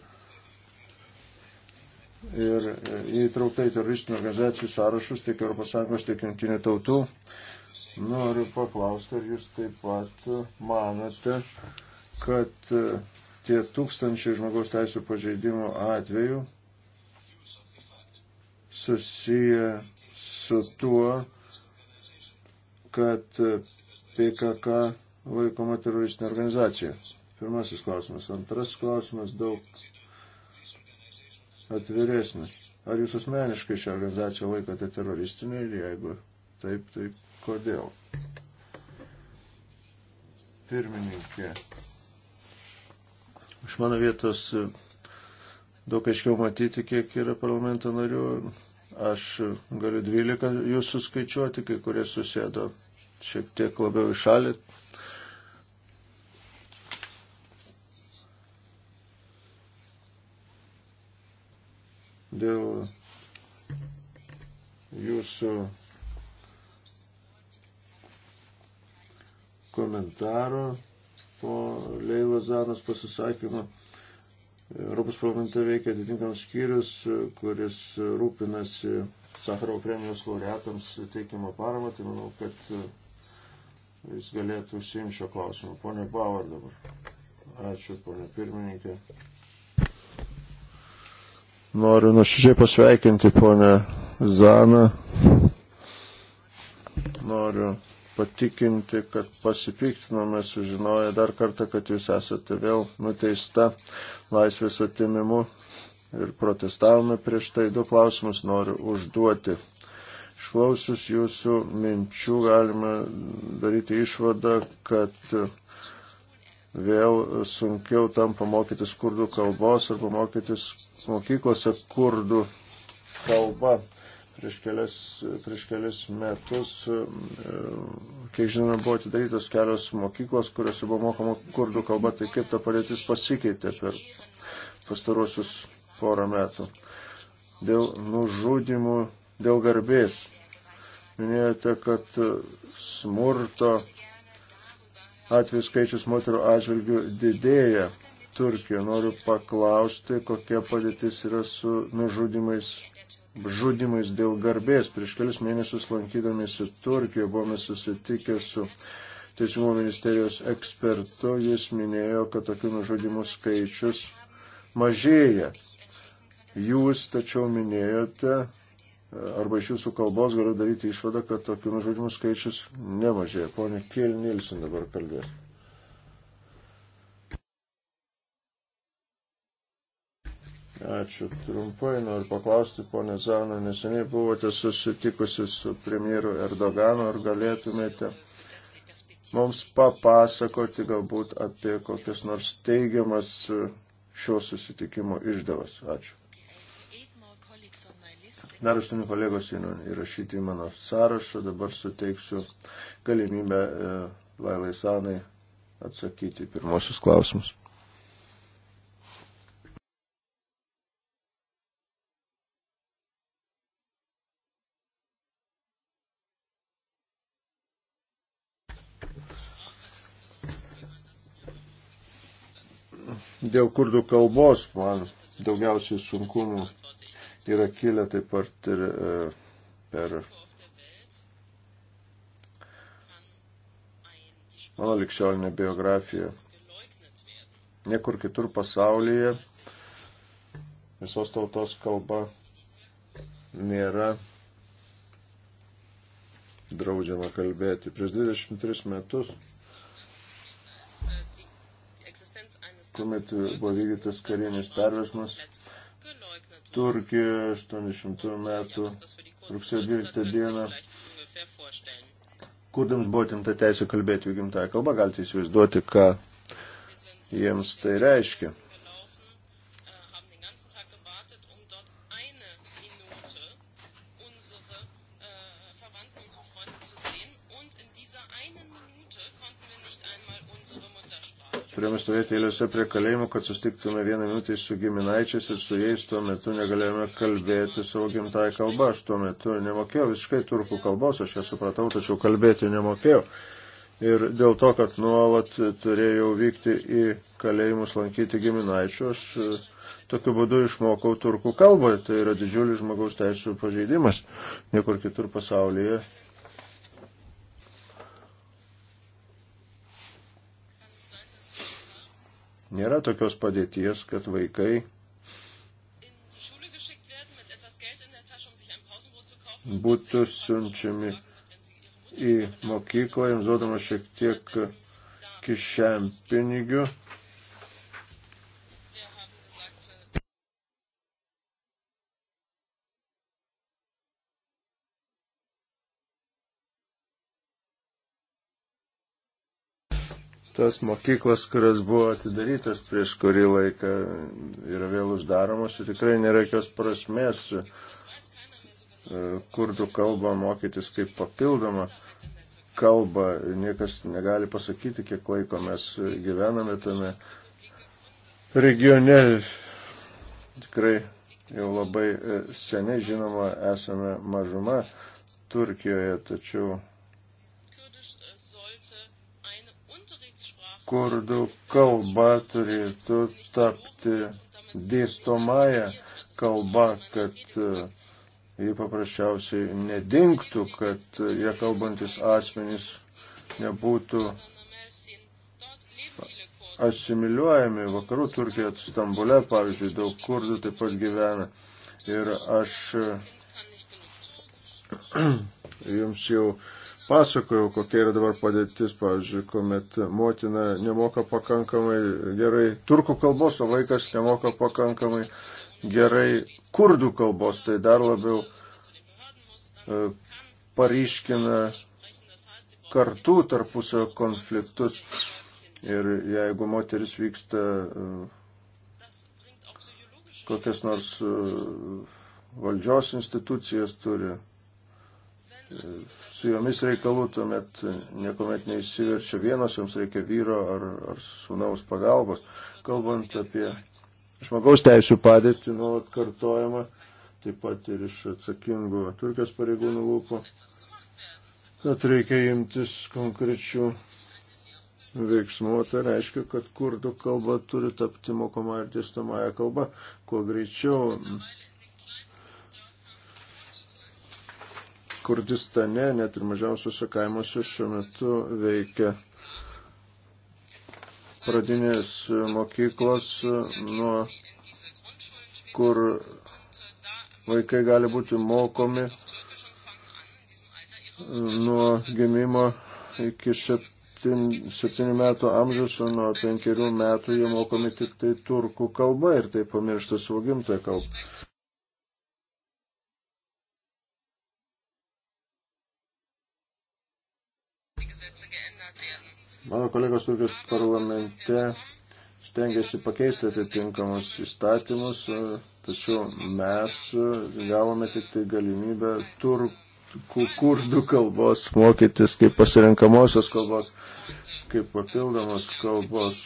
Speaker 3: Ir e, įtraukta į teroristinių organizacijų sąrašus tiek ES, tiek Junktinių tautų. Uh, Noriu paklausti, ar jūs taip pat manote, kad e, tie tūkstančiai žmogaus teisų pažeidimų atvejų susiję su tuo, kad e, PKK laikoma teroristinė organizacija? Pirmasis klausimas. Antras klausimas daug atviresnis. Ar jūs asmeniškai šią organizaciją laikote teroristinę ir jeigu taip, taip, Kodėl? Pirmininkė. Iš mano vietos e, daug aiškiau matyti, kiek yra parlamento narių. Aš e, galiu 12 jūsų skaičiuoti, kai kurie susėdo šiek tiek labiau į šalį. Dėl jūsų komentaro po Leilo Zanos pasisakymo. Europos parlamente veikia atitinkamas skyrius, kuris rūpinasi Sakaro premijos laureatams teikimo paramą, tai manau, kad jis galėtų užsiimti šio klausimu. Pone Bauer dabar. Ačiū, pone pirmininkė. Noriu nuoširdžiai pasveikinti ponę Zaną. Noriu patikinti, kad pasipiktinome, sužinoję dar kartą, kad jūs esate vėl nuteista laisvės atimimu ir protestavome prieš tai. Du klausimus noriu užduoti. Išklausius jūsų minčių galima daryti išvadą, kad vėl sunkiau tampa mokytis kurdų kalbos arba mokytis mokyklose kurdų kalba. Prieš kelias, prieš kelias metus, e, kiek žinome, buvo atidarytos kelios mokyklos, kuriuose buvo mokoma kurdų kalba, tai kaip ta padėtis pasikeitė per pastarosius porą metų. Dėl nužudimų, dėl garbės. Minėjote, kad smurto atvejų skaičius moterų atžvilgių didėja Turkijoje. Noriu paklausti, kokia padėtis yra su nužudimais žudimais dėl garbės. Prieš kelis mėnesius lankydamėsi Turkijoje buvome susitikę su Teisingumo ministerijos ekspertu. Jis minėjo, kad tokių nužudimų skaičius mažėja. Jūs tačiau minėjote, arba iš jūsų kalbos galiu daryti išvadą, kad tokių nužudimų skaičius nemažėja. Pone Kirnilsin dabar kalbės. Ačiū. Trumpai noriu paklausti, ponė Zana, neseniai buvote susitikusi su premjeru Erdoganu, ar galėtumėte mums papasakoti galbūt apie kokias nors teigiamas šio susitikimo išdavas. Ačiū. Dar aštuoni kolegos įrašyti į mano sąrašą, dabar suteiksiu galimybę e, Lailai Sanai atsakyti pirmosius klausimus. dėl kurdų kalbos man daugiausiai sunkumų yra kilę taip pat ir e, per mano likščiolinę biografiją. Niekur kitur pasaulyje visos tautos kalba nėra draudžiama kalbėti. Prieš 23 metus kuomet buvo vykdytas karinis perversmas Turkijoje 80 metų rugsėjo 12 dieną. Kurdams buvo atimta teisė kalbėti jų gimtąją kalbą, galite įsivaizduoti, ką jiems tai reiškia. turėjome stovėti eilėse prie kalėjimų, kad sustiktume vieną minutę su giminaičiais ir su jais tuo metu negalėjome kalbėti savo gimtąją kalbą. Aš tuo metu nemokėjau visiškai turkų kalbos, aš ją supratau, tačiau kalbėti nemokėjau. Ir dėl to, kad nuolat turėjau vykti į kalėjimus lankyti giminaičių, aš e, tokiu būdu išmokau turkų kalbą. Tai yra didžiulis žmogaus teisų pažeidimas. Niekur kitur pasaulyje Nėra tokios padėties, kad vaikai būtų siunčiami į mokyklą, jiems duodama šiek tiek kišenpinigių tas mokyklas, kurios buvo atidarytas prieš kurį laiką, yra vėl uždaromos ir tikrai nėra jokios prasmės e, kurdų kalbą mokytis kaip papildomą kalbą. Niekas negali pasakyti, kiek laiko mes gyvename tame regione. Tikrai jau labai e, seniai žinoma esame mažuma Turkijoje, tačiau kurdų kalba turėtų tapti dėstomąją kalbą, kad e, jie paprasčiausiai nedingtų, kad e, jie kalbantis asmenys nebūtų asimiliuojami. Vakarų Turkija, Stambule, pavyzdžiui, daug kurdų taip pat gyvena. Ir aš e, <clears throat> jums jau pasakojau, kokia yra dabar padėtis, pavyzdžiui, kuomet motina nemoka pakankamai gerai turkų kalbos, o vaikas nemoka pakankamai gerai kurdų kalbos, tai dar labiau e, paryškina kartų tarpusio konfliktus. Ir jeigu moteris vyksta e, kokias nors e, valdžios institucijas turi su jomis reikalų tuomet niekuomet neįsiverčia vienos, joms reikia vyro ar, ar sunaus pagalbos. Kalbant apie žmogaus teisų padėtį, nuolat kartojama, taip pat ir iš atsakingų Turkijos pareigūnų lūpų, kad reikia imtis konkrečių veiksmų, tai reiškia, kad kurdų kalba turi tapti mokoma ir dėstamąją kalba, kuo greičiau Kurdistane, net ir mažiausiuose kaimuose šiuo metu veikia pradinės mokyklos, nuo kur vaikai gali būti mokomi nuo gimimo iki septynių metų amžiaus, o nuo penkerių metų jie mokomi tik tai turkų kalba ir tai pamiršta savo gimtąją kalbą. Mano kolegos Turkijos parlamente stengiasi pakeisti atitinkamus įstatymus, tačiau mes gavome tik tai galimybę turkų kurdų kalbos mokytis kaip pasirenkamosios kalbos, kaip papildomos kalbos.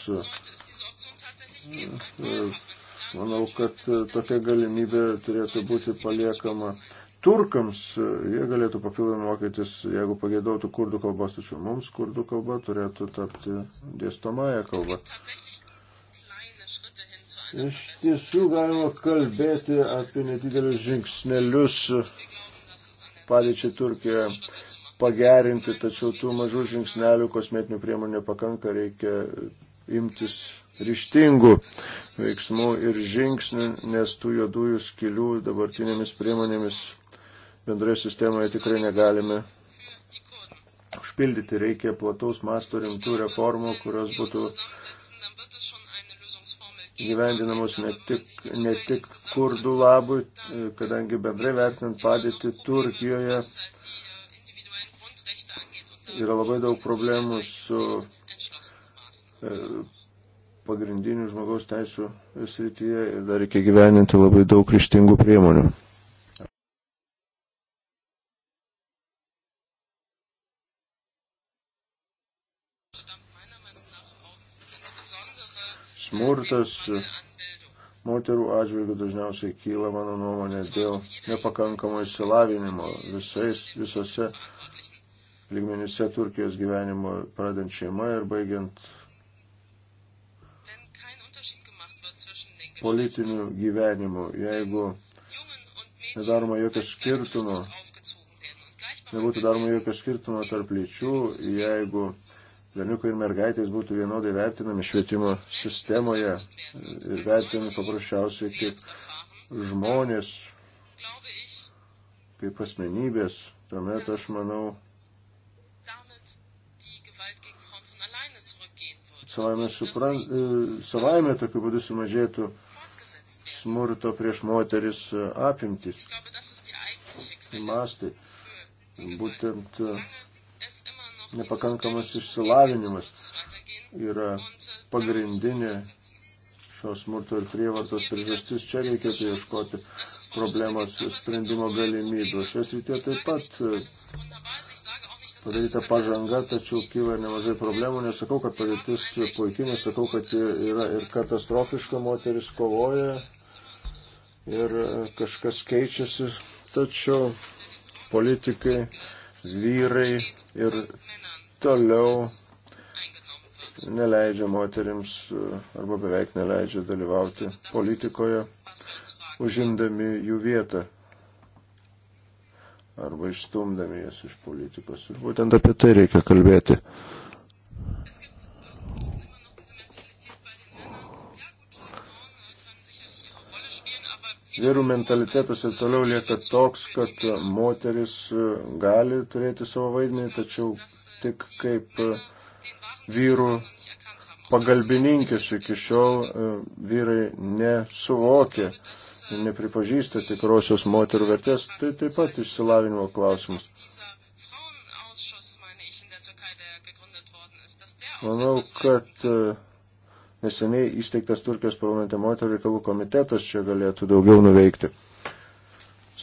Speaker 3: Manau, kad tokia galimybė turėtų būti paliekama turkams, e, jie galėtų papildomai mokytis, jeigu pageidautų kurdų kalbos, tačiau mums kurdų kalba turėtų tapti dėstomąją kalbą. Iš tiesų galima kalbėti apie nedidelius žingsnelius padėčiai Turkijoje pagerinti, tačiau tų mažų žingsnelių kosmetinių priemonių pakanka, reikia imtis ryštingų veiksmų ir žingsnių, nes tų juodųjų skilių dabartinėmis priemonėmis bendroje sistemoje tikrai negalime užpildyti. Reikia plataus masto rimtų reformų, kurios būtų gyvendinamos ne tik, ne tik kurdų labui, kadangi bendrai vertinant padėti Turkijoje yra labai daug problemų su e, pagrindinių žmogaus teisų srityje ir dar reikia gyveninti labai daug ryštingų priemonių. smurtas moterų atžvilgių dažniausiai kyla, mano nuomonė, dėl nepakankamo išsilavinimo visais, visose lygmenyse Turkijos gyvenimo, pradant šeimą ir baigiant politiniu gyvenimu. Jeigu nedaroma jokio skirtumo, nebūtų daroma jokio skirtumo tarp lyčių, jeigu berniukai ir mergaitės būtų vienodai vertinami švietimo sistemoje ir vertinami paprasčiausiai kaip žmonės, kaip asmenybės, tuomet aš manau, savaime, supran, savaime tokiu būdu sumažėtų smurto prieš moteris apimtis. Mastai. Būtent uh, nepakankamas išsilavinimas yra pagrindinė šios smurto ir prievartos priežastis. Čia reikėtų ieškoti problemos sprendimo galimybių. Šios rytė taip pat e, padaryta pažanga, tačiau kyla nemažai problemų. Nesakau, kad padėtis puikiai, nesakau, kad yra ir katastrofiška moteris kovoja ir e, kažkas keičiasi, tačiau politikai, vyrai ir toliau neleidžia moterims e, arba beveik neleidžia dalyvauti politikoje, užimdami jų vietą arba išstumdami jas iš politikos. Ir būtent apie tai reikia kalbėti. Vyrų mentalitetas ir toliau lieka toks, kad moteris e, gali turėti savo vaidmenį, tačiau tik kaip e, vyrų pagalbininkės iki šiol e, vyrai nesuvokė, nepripažįsta tikrosios moterų vertės, tai taip pat išsilavinimo klausimas. Manau, kad e, neseniai įsteigtas Turkijos parlamente moterų reikalų komitetas čia galėtų daugiau nuveikti,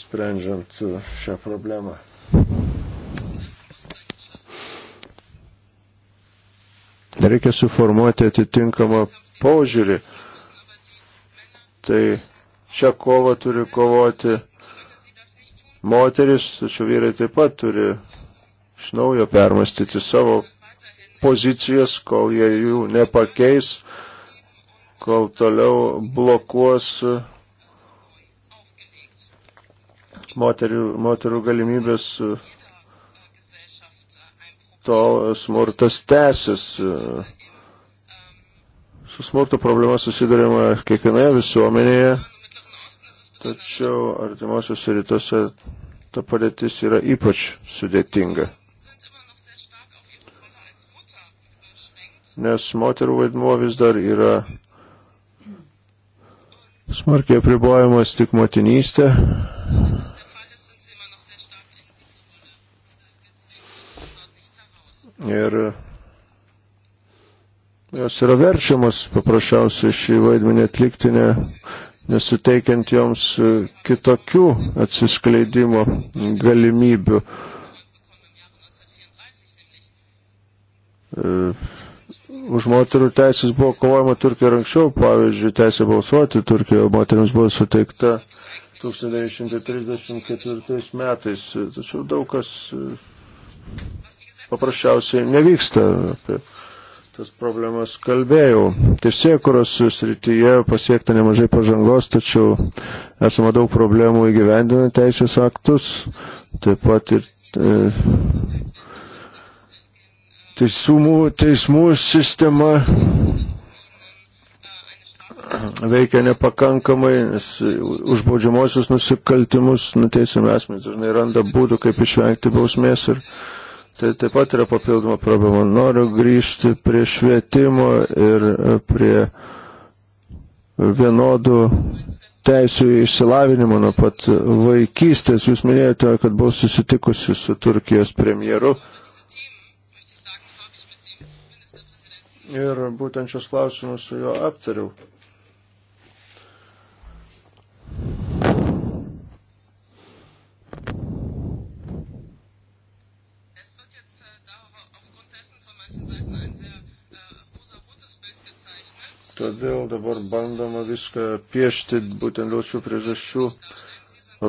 Speaker 3: sprendžiant šią problemą. Reikia suformuoti atitinkamą požiūrį. Tai šią kovą turi kovoti moteris, tačiau vyrai taip pat turi iš naujo permastyti savo pozicijas, kol jie jų nepakeis, kol toliau blokuos moterių, moterų galimybės to smurtas tęsis. Su smurto problema susidurima kiekvienoje visuomenėje, tačiau artimuosios rytuose ta padėtis yra ypač sudėtinga. Nes moterų vaidmuo vis dar yra smarkiai apribojamas tik motinystė Ir jos yra verčiamas paprasčiausiai šį vaidmenį atlikti, ne, nesuteikiant joms e, kitokių atsiskleidimo galimybių. E, už moterų teisės buvo kovojama Turkija ir anksčiau, pavyzdžiui, teisė balsuoti Turkijoje moteriams buvo suteikta 1934 metais, tačiau daug kas e, paprasčiausiai nevyksta. Apie tas problemas kalbėjau. Teisėkuros srityje pasiekta nemažai pažangos, tačiau esama daug problemų įgyvendinant teisės aktus, taip pat ir e, teisumų, teismų sistema veikia nepakankamai, nes už baudžiamosius nusikaltimus nuteisiami asmenys dažnai randa būdų, kaip išvengti bausmės ir Tai taip pat yra papildoma problema. Noriu grįžti prie švietimo ir e, prie vienodų teisų į išsilavinimą nuo pat vaikystės. Jūs minėjote, kad buvau susitikusi su Turkijos premjeru. Ir būtent šios klausimus su juo aptariau. Todėl dabar bandoma viską piešti būtent dėl šių priežasčių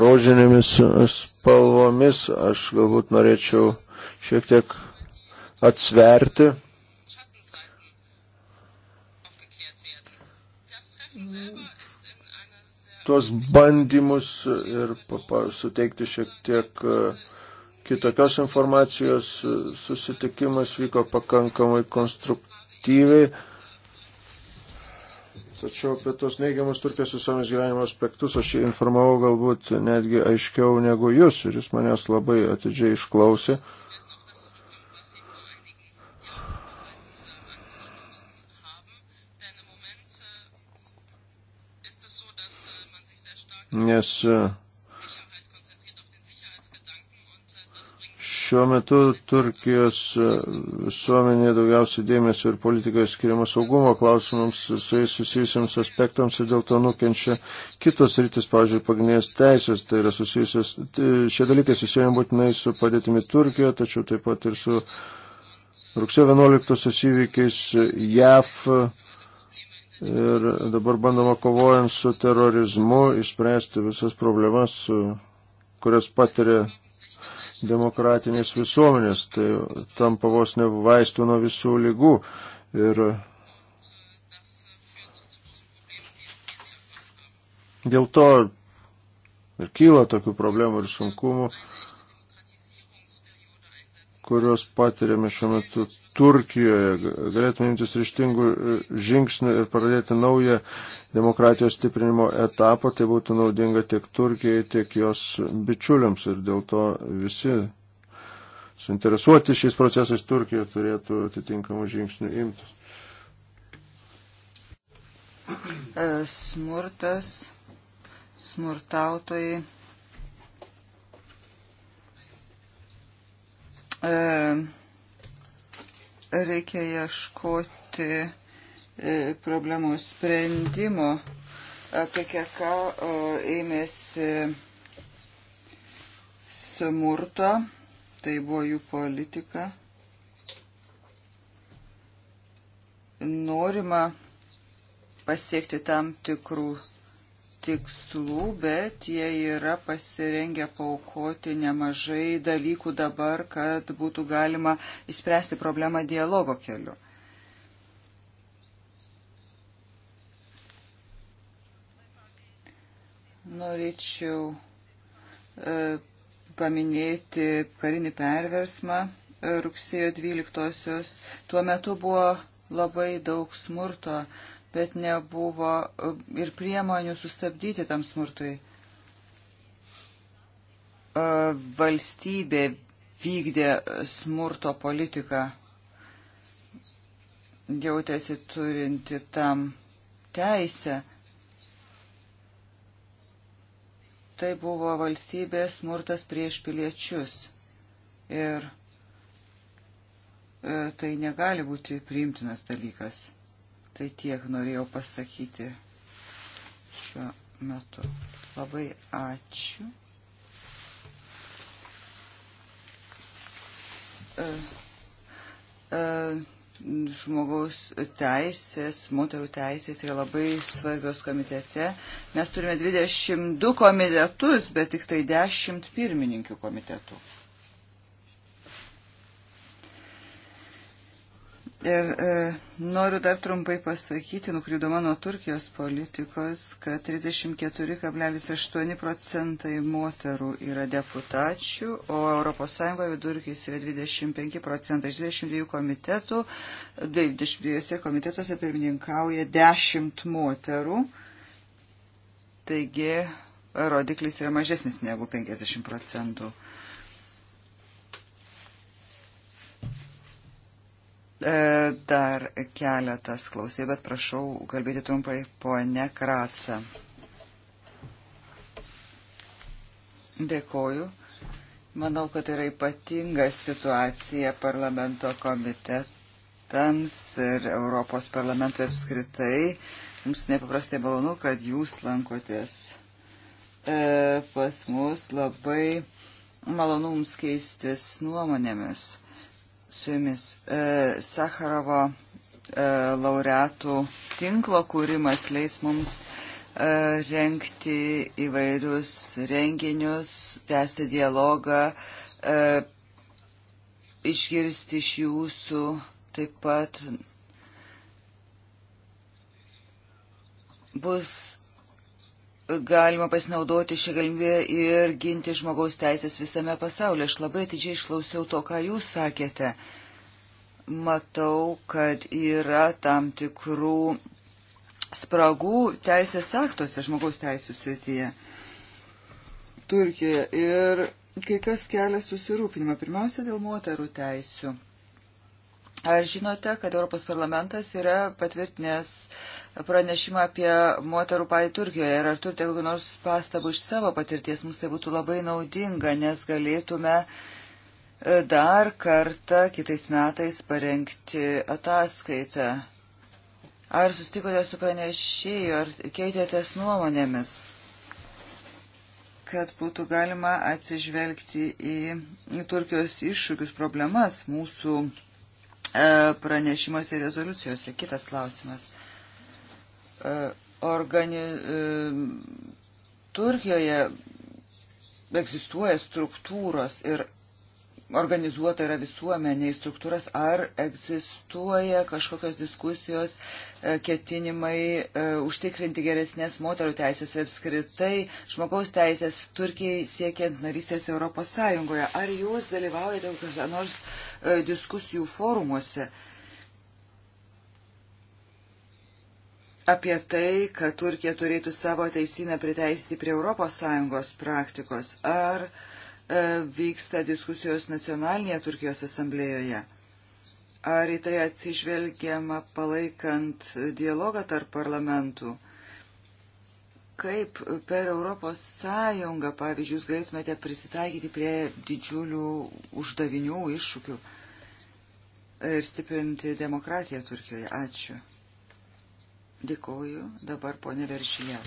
Speaker 3: rožinėmis spalvomis. Aš galbūt norėčiau šiek tiek atsverti. tuos bandymus ir suteikti šiek tiek e, kitokios informacijos susitikimas vyko pakankamai konstruktyviai. Tačiau apie tos neigiamus Turkijos visuomis gyvenimo aspektus aš informavau galbūt netgi aiškiau negu jūs ir jis manęs labai atidžiai išklausė. Nes Šiuo metu Turkijos visuomenė daugiausiai dėmesio ir politikoje skiriama saugumo klausimams ir su jais susijusiams aspektams ir dėl to nukenčia kitos rytis, pavyzdžiui, pagrindinės teisės, tai yra susijusios, šie dalykai susijęjami būtinai su padėtimi Turkijoje, tačiau taip pat ir su rugsėjo 11 įvykiais JAF ir dabar bandoma kovojant su terorizmu išspręsti visas problemas, kurias patiria demokratinės visuomenės, tai tampa vos ne vaistų nuo visų lygų. Ir dėl to ir kyla tokių problemų ir sunkumų, kuriuos patiriame šiuo metu Turkijoje. Galėtume imtis ryštingų e, žingsnių ir pradėti naują demokratijos stiprinimo etapą. Tai būtų naudinga tiek Turkijai, tiek jos bičiuliams. Ir dėl to visi suinteresuoti šiais procesais Turkijoje turėtų atitinkamų žingsnių imtis.
Speaker 2: E, smurtas, smurtautojai. E Reikia ieškoti e, problemų sprendimo. PKK ėmėsi smurto, tai buvo jų politika. Norima pasiekti tam tikrų tikslų, bet jie yra pasirengę paukoti nemažai dalykų dabar, kad būtų galima išspręsti problemą dialogo keliu. Norėčiau e, paminėti karinį perversmą e, rugsėjo 12-osios. Tuo metu buvo labai daug smurto bet nebuvo e, ir priemonių sustabdyti tam smurtui. E, valstybė vykdė smurto politiką, jautėsi turinti tam teisę. Tai buvo valstybės smurtas prieš piliečius. Ir e, tai negali būti priimtinas dalykas. Tai tiek norėjau pasakyti šiuo metu. Labai ačiū. E, e, žmogaus teisės, moterų teisės yra labai svarbios komitete. Mes turime 22 komitetus, bet tik tai 10 pirmininkių komitetų. Ir e, noriu dar trumpai pasakyti, nukrydama nuo Turkijos politikos, kad 34,8 procentai moterų yra deputačių, o ES vidurkis yra 25 procentai. Iš 22 komitetų, 22 komitetuose pirmininkauja 10 moterų. Taigi rodiklis yra mažesnis negu 50 procentų. E, dar keletas klausė, bet prašau kalbėti trumpai ponia Kratsa. Dėkoju. Manau, kad yra ypatinga situacija parlamento komitetams ir Europos parlamentui apskritai. Mums nepaprastai malonu, kad jūs lankotės e, pas mus. Labai malonu mums keistis nuomonėmis. E, su jumis. E, Sakarovo e, laureatų tinklo kūrimas leis mums e, renkti įvairius renginius, tęsti dialogą, e, išgirsti iš jūsų taip pat bus galima pasinaudoti šią galimybę ir ginti žmogaus teisės visame pasaulyje. Aš labai atidžiai išklausiau to, ką jūs sakėte. Matau, kad yra tam tikrų spragų teisės aktuose žmogaus teisų srityje. Turkija ir kai kas kelia susirūpinimą. Pirmiausia, dėl moterų teisų. Ar žinote, kad Europos parlamentas yra patvirtinęs pranešimą apie moterų padėtį Turkijoje ir ar turite kokių nors pastabų iš savo patirties, mums tai būtų labai naudinga, nes galėtume e, dar kartą kitais metais parengti ataskaitą. Ar sustikote su pranešėju, ar keitėtės nuomonėmis? kad būtų galima atsižvelgti į Turkijos iššūkius, problemas mūsų E, pranešimuose ir rezoliucijose. Kitas klausimas. E, organi... E, Turkijoje egzistuoja struktūros ir organizuota yra visuomenė, struktūras, ar egzistuoja kažkokios diskusijos, e, ketinimai e, užtikrinti geresnės moterų teisės ir apskritai žmogaus teisės Turkijai siekiant narystės Europos Sąjungoje. Ar jūs dalyvaujate kokiuose nors e, diskusijų forumuose? apie tai, kad Turkija turėtų savo teisyną priteisyti prie ES praktikos. Ar uh, E, vyksta diskusijos nacionalinėje Turkijos asamblėjoje. Ar į tai atsižvelgiama palaikant dialogą tarp parlamentų? Kaip per Europos Sąjungą, pavyzdžiui, jūs galėtumėte prisitaikyti prie didžiulių uždavinių, iššūkių ir stiprinti demokratiją Turkijoje? Ačiū. Dėkoju. Dabar ponė Veršyje.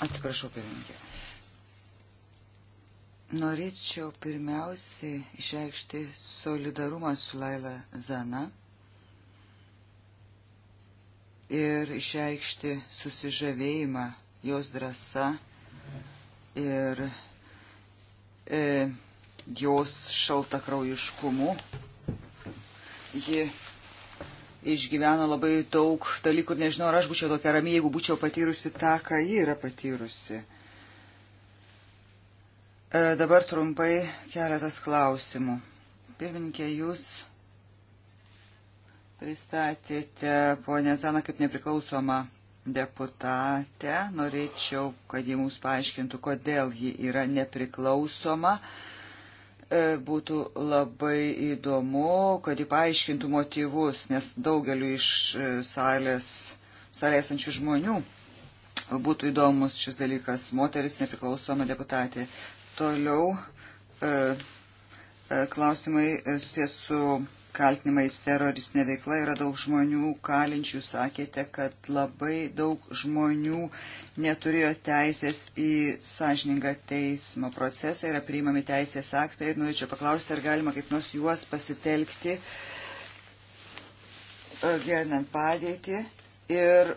Speaker 2: Atsiprašau, pirmininkė. Norėčiau pirmiausiai išreikšti solidarumą su Laila Zana ir išreikšti susižavėjimą jos drąsa ir e, jos šaltakraujiškumu. Ji išgyveno labai daug dalykų ir nežinau, ar aš būčiau tokia rami, jeigu būčiau patyrusi tą, ką ji yra patyrusi. E, dabar trumpai keletas klausimų. Pirmininkė, jūs pristatėte ponę Zaną kaip nepriklausomą deputatę. Norėčiau, kad ji mums paaiškintų, kodėl ji yra nepriklausoma. E, E, būtų labai įdomu, kad jį paaiškintų motyvus, nes daugeliu iš e, salės, salės esančių žmonių būtų įdomus šis dalykas. Moteris nepriklausoma deputatė. Toliau e, klausimai susijęs su kaltinimais teroristinė veikla. Yra daug žmonių kalinčių. Sakėte, kad labai daug žmonių neturėjo teisės į sąžiningą teismo procesą. Yra priimami teisės aktai ir norėčiau paklausti, ar galima kaip nors juos pasitelkti, e, gernant padėtį. Ir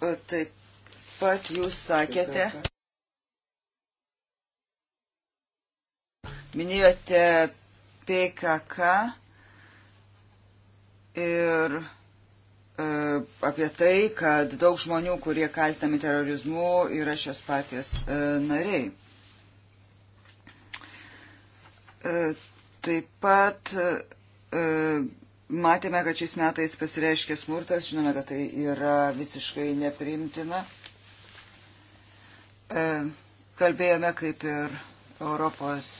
Speaker 2: e, taip pat jūs sakėte. Minėjote PKK ir e, apie tai, kad daug žmonių, kurie kaltinami terorizmu, yra šios partijos e, nariai. E, taip pat matėme, kad šiais metais pasireiškė smurtas, žinome, kad tai yra visiškai neprimtina. Kalbėjome kaip ir Europos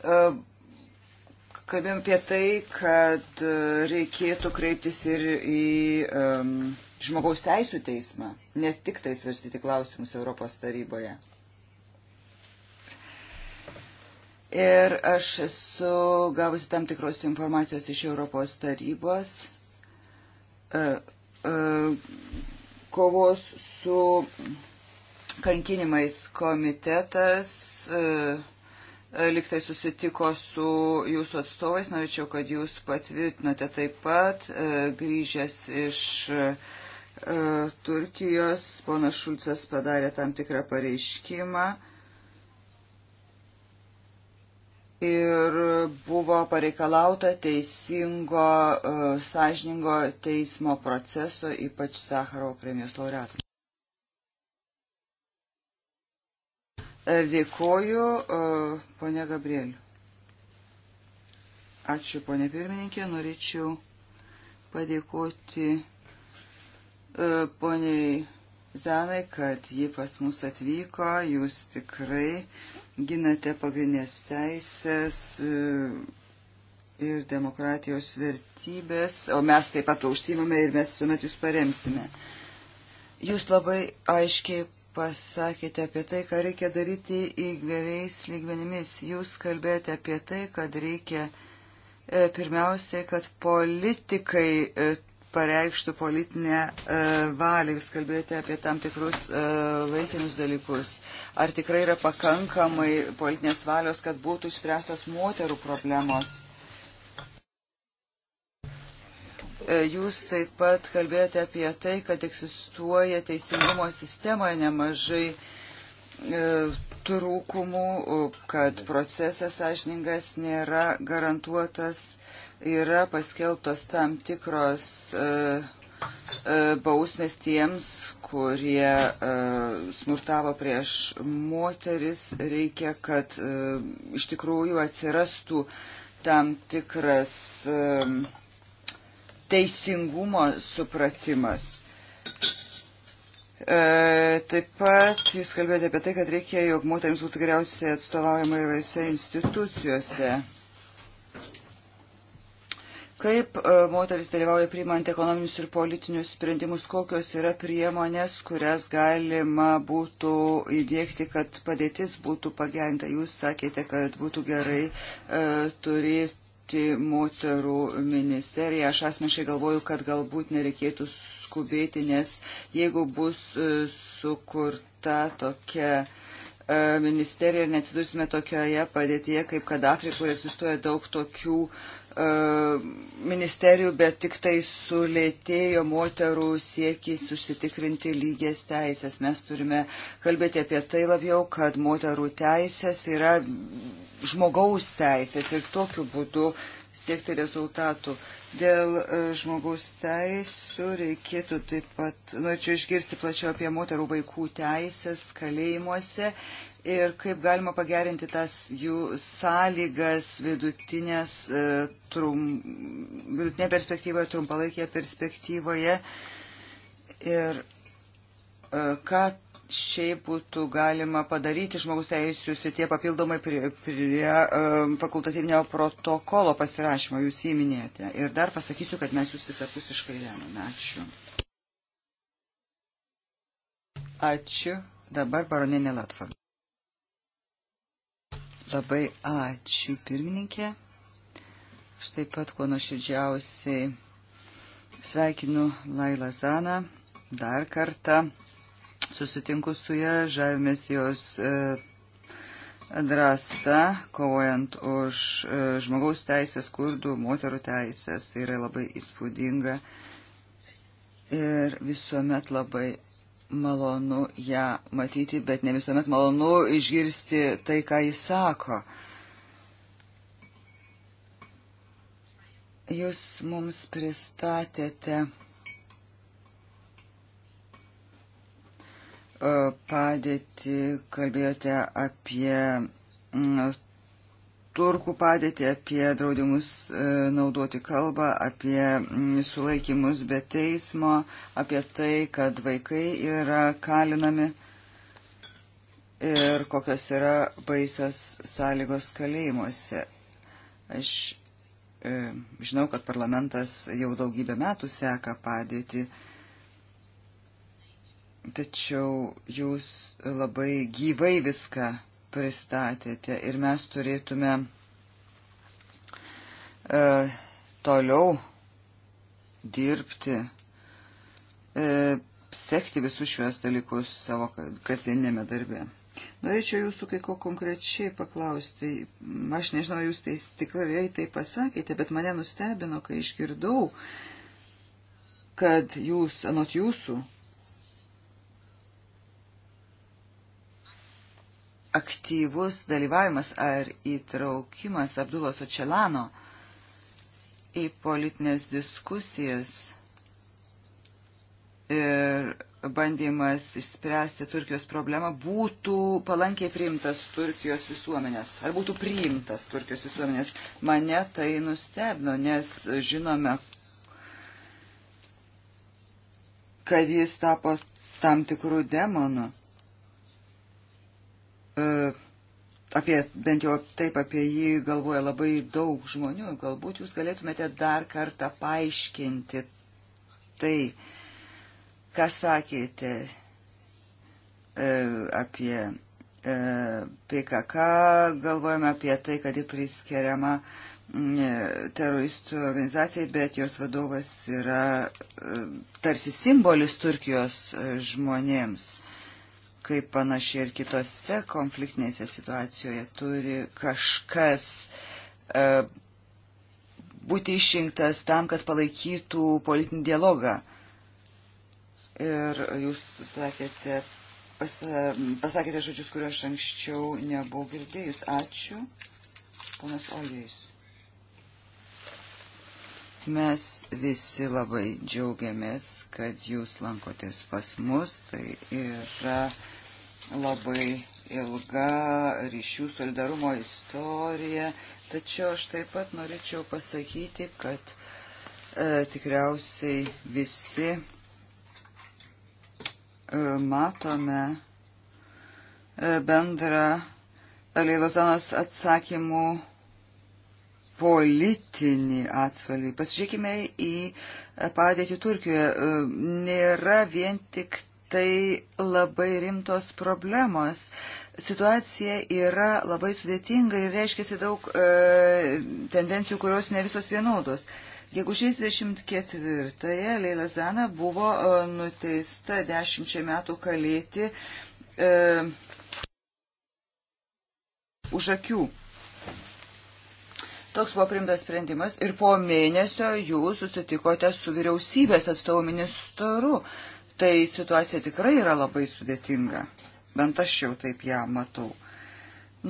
Speaker 2: E, kalbėjom apie tai, kad e, reikėtų kreiptis ir į um, žmogaus teisų teismą, ne tik tai svarstyti klausimus Europos taryboje. Ir aš esu gavusi tam tikros informacijos iš Europos tarybos. Uh, uh, kovos su kankinimais komitetas. Uh, E, liktai susitiko su jūsų atstovais, norėčiau, kad jūs patvirtinote taip pat, e, grįžęs iš e, Turkijos, ponas Šulcas padarė tam tikrą pareiškimą ir buvo pareikalauta teisingo, sąžiningo teismo proceso, ypač Sakarovo premijos laureatų. E, dėkoju, e, ponė Gabrieliu. Ačiū, ponė pirmininkė. Norėčiau padėkoti e, poniai Zanai, kad ji pas mus atvyko. Jūs tikrai ginate pagrindinės teisės ir demokratijos vertybės, o mes taip pat užsimame ir mes visuomet jūs paremsime. Jūs labai aiškiai pasakėte apie tai, ką reikia daryti įgveriais lygmenimis. Jūs kalbėjote apie tai, kad reikia e, pirmiausiai, kad politikai e, pareikštų politinę e, valią. Jūs kalbėjote apie tam tikrus laikinus dalykus. Ar tikrai yra pakankamai politinės valios, kad būtų išspręstos moterų problemos? E, jūs taip pat kalbėjote apie tai, kad egzistuoja teisingumo sistemoje nemažai e, trūkumų, kad procesas sąžiningas nėra garantuotas, yra paskelbtos tam tikros e, bausmės tiems, kurie smurtavo prieš moteris, reikia, kad iš tikrųjų atsirastų tam tikras teisingumo supratimas. E, taip pat jūs kalbėjote apie tai, kad reikia, jog moteriams būtų geriausiai atstovaujama įvairiose institucijose. Kaip e, moteris dalyvauja priimant ekonominius ir politinius sprendimus, kokios yra priemonės, kurias galima būtų įdėkti, kad padėtis būtų pagerinta. Jūs sakėte, kad būtų gerai e, turėti įkurti moterų ministeriją. Aš asmeniškai galvoju, kad galbūt nereikėtų skubėti, nes jeigu bus e, sukurta tokia e, ministerija ir neatsidursime tokioje padėtyje kaip Kadafri, kur egzistuoja daug tokių uh, E, ministerijų, bet tik tai sulėtėjo moterų siekis užsitikrinti lygės teisės. Mes turime kalbėti apie tai labiau, kad moterų teisės yra žmogaus teisės ir tokiu būdu siekti rezultatų. Dėl e, žmogaus teisų reikėtų taip pat, norėčiau nu, išgirsti plačiau apie moterų vaikų teisės kalėjimuose ir kaip galima pagerinti tas jų sąlygas vidutinės, e, trum, vidutinė perspektyvoje, trumpalaikėje perspektyvoje ir e, ką šiaip būtų galima padaryti žmogus teisų sitie papildomai prie, prie e, fakultatyvinio protokolo pasirašymo, jūs jį minėjote. Ir dar pasakysiu, kad mes jūs visapusiškai remiame. Ačiū. Ačiū. Dabar baroninė Latvard. Labai ačiū pirmininkė. Aš taip pat kuo nuoširdžiausiai sveikinu Lailą Zaną dar kartą. Susitinku su ją, žavimės jos e, drąsa, kovojant už e, žmogaus teisės, kurdų, moterų teisės. Tai yra labai įspūdinga ir visuomet labai malonu ją matyti, bet ne visuomet malonu išgirsti tai, ką jis sako. Jūs mums pristatėte e, padėtį, kalbėjote apie turkų padėtį, apie draudimus e, naudoti kalbą, apie mm, sulaikimus be teismo, apie tai, kad vaikai yra kalinami ir kokios yra baisios sąlygos kalėjimuose. Aš e, žinau, kad parlamentas jau daugybę metų seka padėti. Tačiau jūs labai gyvai viską pristatėte ir mes turėtume e, toliau dirbti, e, sekti visus šiuos dalykus savo kasdieninėme darbė. Norėčiau jūsų kai ko konkrečiai paklausti. Aš nežinau, jūs tai tikrai tai pasakėte, bet mane nustebino, kai išgirdau, kad jūs, anot jūsų, aktyvus dalyvavimas ar įtraukimas Abdulo Sočelano į politinės diskusijas ir bandymas išspręsti Turkijos problemą būtų palankiai priimtas Turkijos visuomenės, ar būtų priimtas Turkijos visuomenės. Mane tai nustebino, nes žinome, kad jis tapo tam tikrų demonų. E, apie, bent jau taip apie jį galvoja labai daug žmonių. Galbūt jūs galėtumėte dar kartą paaiškinti tai, ką sakėte e, apie e, PKK, galvojame apie tai, kad ji priskiriama mm, teroristų organizacijai, bet jos vadovas yra e, tarsi simbolis Turkijos e, žmonėms kaip panašiai ir kitose konfliktinėse situacijoje turi kažkas e, būti išrinktas tam, kad palaikytų politinį dialogą. Ir jūs sakėte, pas, pasakėte žodžius, kuriuos aš anksčiau nebuvau girdėjus. Ačiū, ponas Olijus. Mes visi labai džiaugiamės, kad jūs lankotės pas mus. Tai yra labai ilga ryšių solidarumo istorija, tačiau aš taip pat norėčiau pasakyti, kad e, tikriausiai visi e, matome e, bendrą Leilozanos atsakymų politinį atspalvį. Pasižiūrėkime į padėtį Turkijoje. E, nėra vien tik tai labai rimtos problemos. Situacija yra labai sudėtinga ir reiškia daug e, tendencijų, kurios ne visos vienodos. Gegužės 24-ąją Leila Zana buvo e, nuteista 10 metų kalėti e, už akių. Toks buvo primtas sprendimas ir po mėnesio jūs susitikote su vyriausybės atstovu ministru tai situacija tikrai yra labai sudėtinga. Bent aš jau taip ją matau.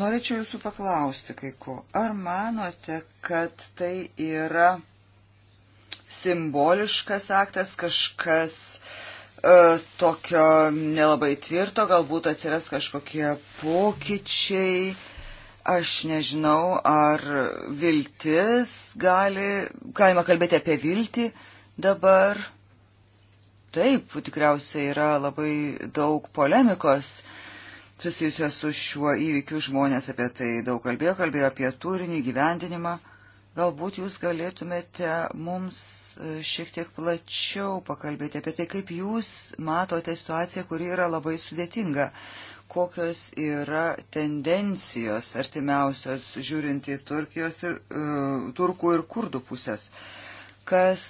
Speaker 2: Norėčiau jūsų paklausti kai ko. Ar manote, kad tai yra simboliškas aktas, kažkas e, tokio nelabai tvirto, galbūt atsiras kažkokie pokyčiai? Aš nežinau, ar viltis gali, galima kalbėti apie viltį dabar Taip, tikriausiai yra labai daug polemikos susijusios su šiuo įvykiu. Žmonės apie tai daug kalbėjo, kalbėjo apie turinį, gyvendinimą. Galbūt jūs galėtumėte mums e, šiek tiek plačiau pakalbėti apie tai, kaip jūs matote situaciją, kuri yra labai sudėtinga kokios yra tendencijos artimiausios žiūrint į Turkijos ir, e, turkų ir kurdų pusės. E, kas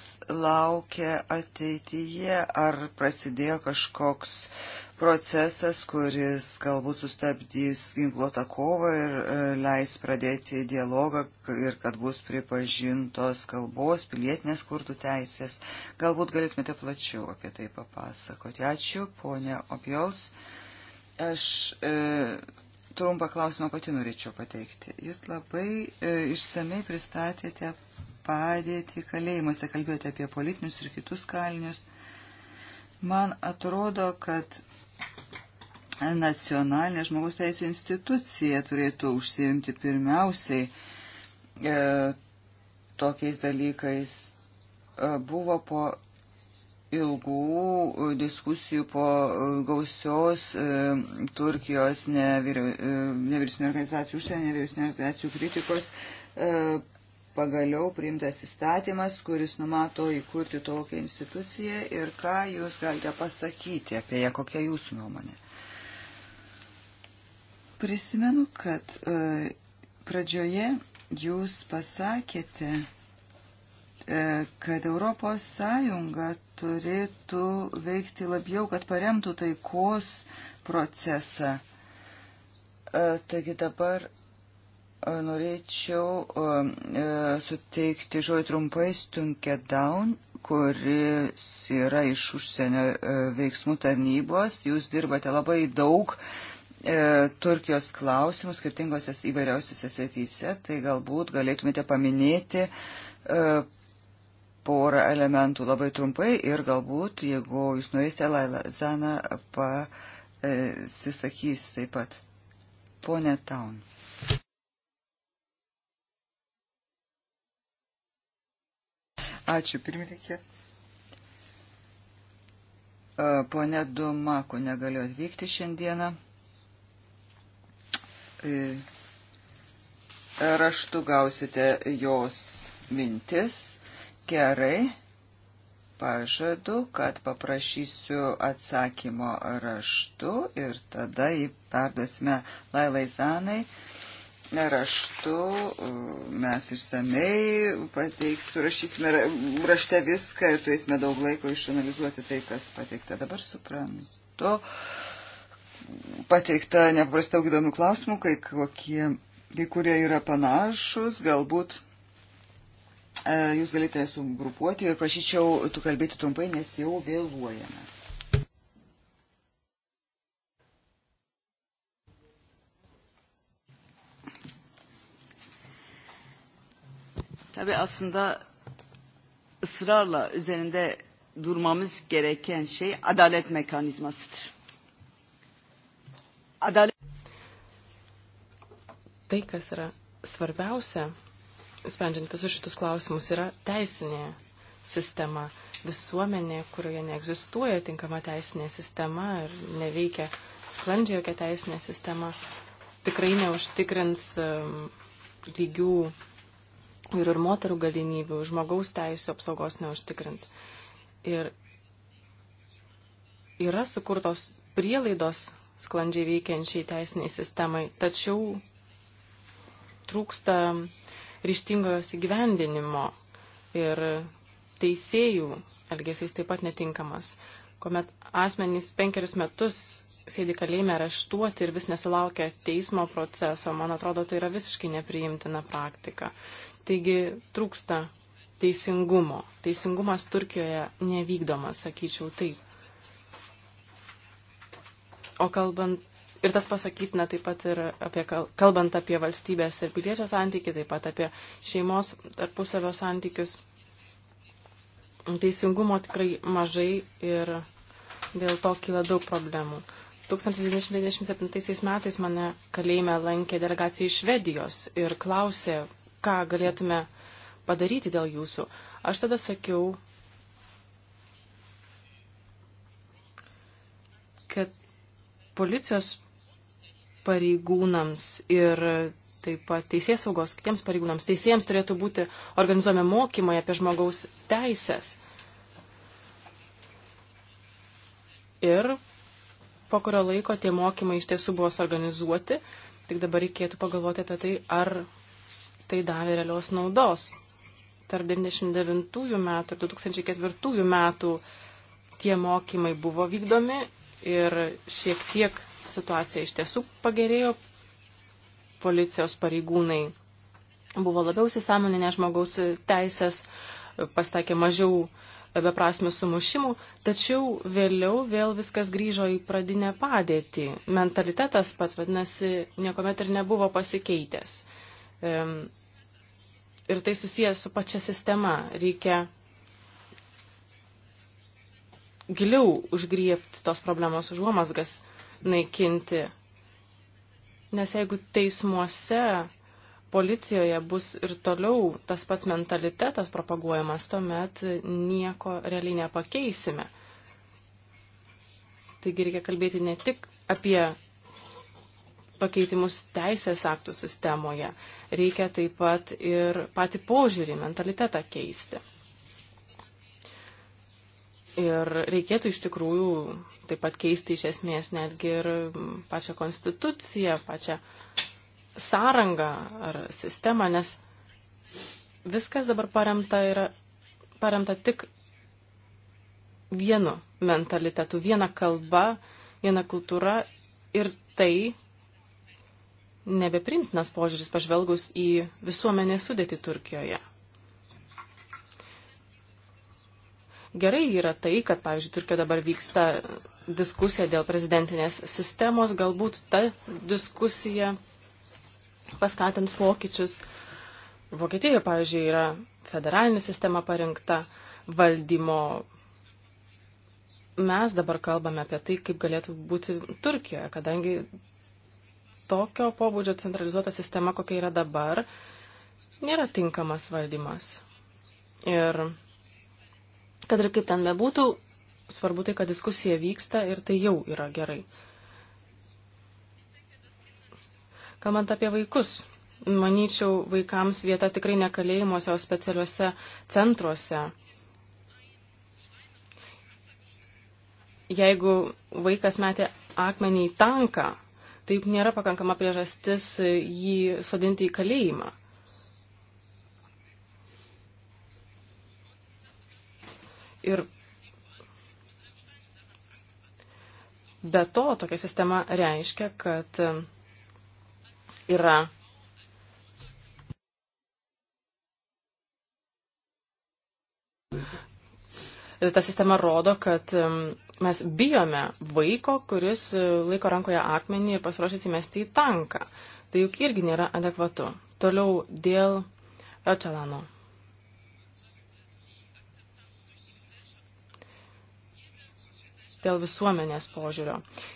Speaker 2: laukia ateityje, ar prasidėjo kažkoks procesas, kuris galbūt sustabdys ginkluotą kovą ir e, leis pradėti dialogą ir kad bus pripažintos kalbos, pilietinės kurdų teisės. Galbūt galėtumėte plačiau apie tai papasakoti. Ačiū, ponė Opjols. Aš e, trumpą klausimą pati norėčiau pateikti. Jūs labai e, išsamei pristatėte padėtį kalėjimuose, kalbėjote apie politinius ir kitus kalinius. Man atrodo, kad nacionalinė žmogaus teisų institucija turėtų užsiimti pirmiausiai e, tokiais dalykais. E, buvo po ilgų diskusijų po gausios e, Turkijos e, nevyriausinių organizacijų, užsienio nevyriausinių organizacijų kritikos e, pagaliau priimtas įstatymas, kuris numato įkurti tokią instituciją ir ką jūs galite pasakyti apie ją, kokia jūsų nuomonė. Prisimenu, kad e, pradžioje jūs pasakėte, e, kad Europos Sąjunga turėtų veikti labiau, kad paremtų taikos procesą. E, taigi dabar norėčiau e, suteikti žodį trumpai Stunke Down, kuris yra iš užsienio e, veiksmų tarnybos. Jūs dirbate labai daug e, Turkijos klausimų skirtingose įvairiausiose srityse, tai galbūt galėtumėte paminėti porą elementų labai trumpai ir galbūt, jeigu jūs norėsite, Laila Zana pasisakys taip pat. Pone Taun. Ačiū, pirmininkė. E, Pone Dumako negaliu atvykti šiandieną. E, raštu gausite jos mintis. Gerai. Pažadu, kad paprašysiu atsakymo raštu ir tada jį perduosime Lailai Zanai raštu, mes išsamei pateiksiu, rašysime rašte viską ir turėsime daug laiko išanalizuoti tai, kas pateikta. Dabar suprantu, pateikta nepaprastai daug įdomių klausimų, kai, kokie, kai kurie yra panašus, galbūt e, jūs galite sugrupuoti ir prašyčiau tu kalbėti trumpai, nes jau vėluojame. Tabii aslında ısrarla üzerinde durmamız gereken şey adalet mekanizmasıdır. Adalet...
Speaker 1: Tai, kas yra svarbiausia, sprendžiant visus šitus klausimus, yra teisinė sistema, visuomenė, kurioje neegzistuoja tinkama teisinė sistema ir neveikia sklandžiai jokia teisinė sistema, tikrai neužtikrins um, lygių ir, ir moterų galimybių, žmogaus teisų apsaugos neužtikrins. Ir yra sukurtos prielaidos sklandžiai veikiančiai teisiniai sistemai, tačiau trūksta ryštingojos įgyvendinimo ir teisėjų elgesys taip pat netinkamas, kuomet asmenys penkerius metus sėdi kalėjime areštuoti ir vis nesulaukia teismo proceso, man atrodo, tai yra visiškai nepriimtina praktika. Taigi trūksta teisingumo. Teisingumas Turkijoje nevykdomas, sakyčiau taip. O kalbant, ir tas pasakytina taip pat ir apie, kalbant apie valstybės ir piliečio santykį, taip pat apie šeimos tarpusavio santykius. Teisingumo tikrai mažai ir dėl to kyla daug problemų. 1997 metais mane kalėjime lankė delegacija iš Švedijos ir klausė ką galėtume padaryti dėl jūsų. Aš tada sakiau, kad policijos pareigūnams ir taip pat teisės saugos kitiems pareigūnams, teisėjams turėtų būti organizuojami mokymai apie žmogaus teisės. Ir po kurio laiko tie mokymai iš tiesų buvo suorganizuoti, tik dabar reikėtų pagalvoti apie tai, ar tai davė realios naudos. Tarp 99 metų ir 2004 metų tie mokymai buvo vykdomi ir šiek tiek situacija iš tiesų pagerėjo. Policijos pareigūnai buvo labiau įsisamoninę žmogaus teisės, pastakė mažiau beprasmių sumušimų, tačiau vėliau vėl viskas grįžo į pradinę padėtį. Mentalitetas pats, vadinasi, niekuomet ir nebuvo pasikeitęs ir tai susijęs su pačia sistema. Reikia giliau užgriepti tos problemos užuomasgas, naikinti. Nes jeigu teismuose, policijoje bus ir toliau tas pats mentalitetas propaguojamas, tuomet nieko realiai nepakeisime. Taigi reikia kalbėti ne tik apie pakeitimus teisės aktų sistemoje, reikia taip pat ir patį požiūrį, mentalitetą keisti. Ir reikėtų iš tikrųjų taip pat keisti iš esmės netgi ir pačią konstituciją, pačią sąrangą ar sistemą, nes viskas dabar paremta yra paremta tik vienu mentalitetu, viena kalba, viena kultūra ir tai nebeprimtinas požiūris pažvelgus į visuomenės sudėtį Turkijoje. Gerai yra tai, kad, pavyzdžiui, Turkija dabar vyksta diskusija dėl prezidentinės sistemos, galbūt ta diskusija paskatins pokyčius. Vokietijoje, pavyzdžiui, yra federalinė sistema parinkta valdymo. Mes dabar kalbame apie tai, kaip galėtų būti Turkijoje, kadangi tokio pobūdžio centralizuota sistema, kokia yra dabar, nėra tinkamas valdymas. Ir kad ir kaip ten bebūtų, svarbu tai, kad diskusija vyksta ir tai jau yra gerai. Kalbant apie vaikus, manyčiau, vaikams vieta tikrai nekalėjimuose, o specialiuose centruose. Jeigu vaikas metė akmenį į tanką, taip nėra pakankama priežastis jį sodinti į kalėjimą. Ir be to tokia sistema reiškia, kad yra ta sistema rodo, kad um, mes bijome vaiko, kuris e, laiko rankoje akmenį ir pasiruošęs įmesti į tanką. Tai juk irgi nėra adekvatu. Toliau dėl Öcalano. Dėl visuomenės požiūrio.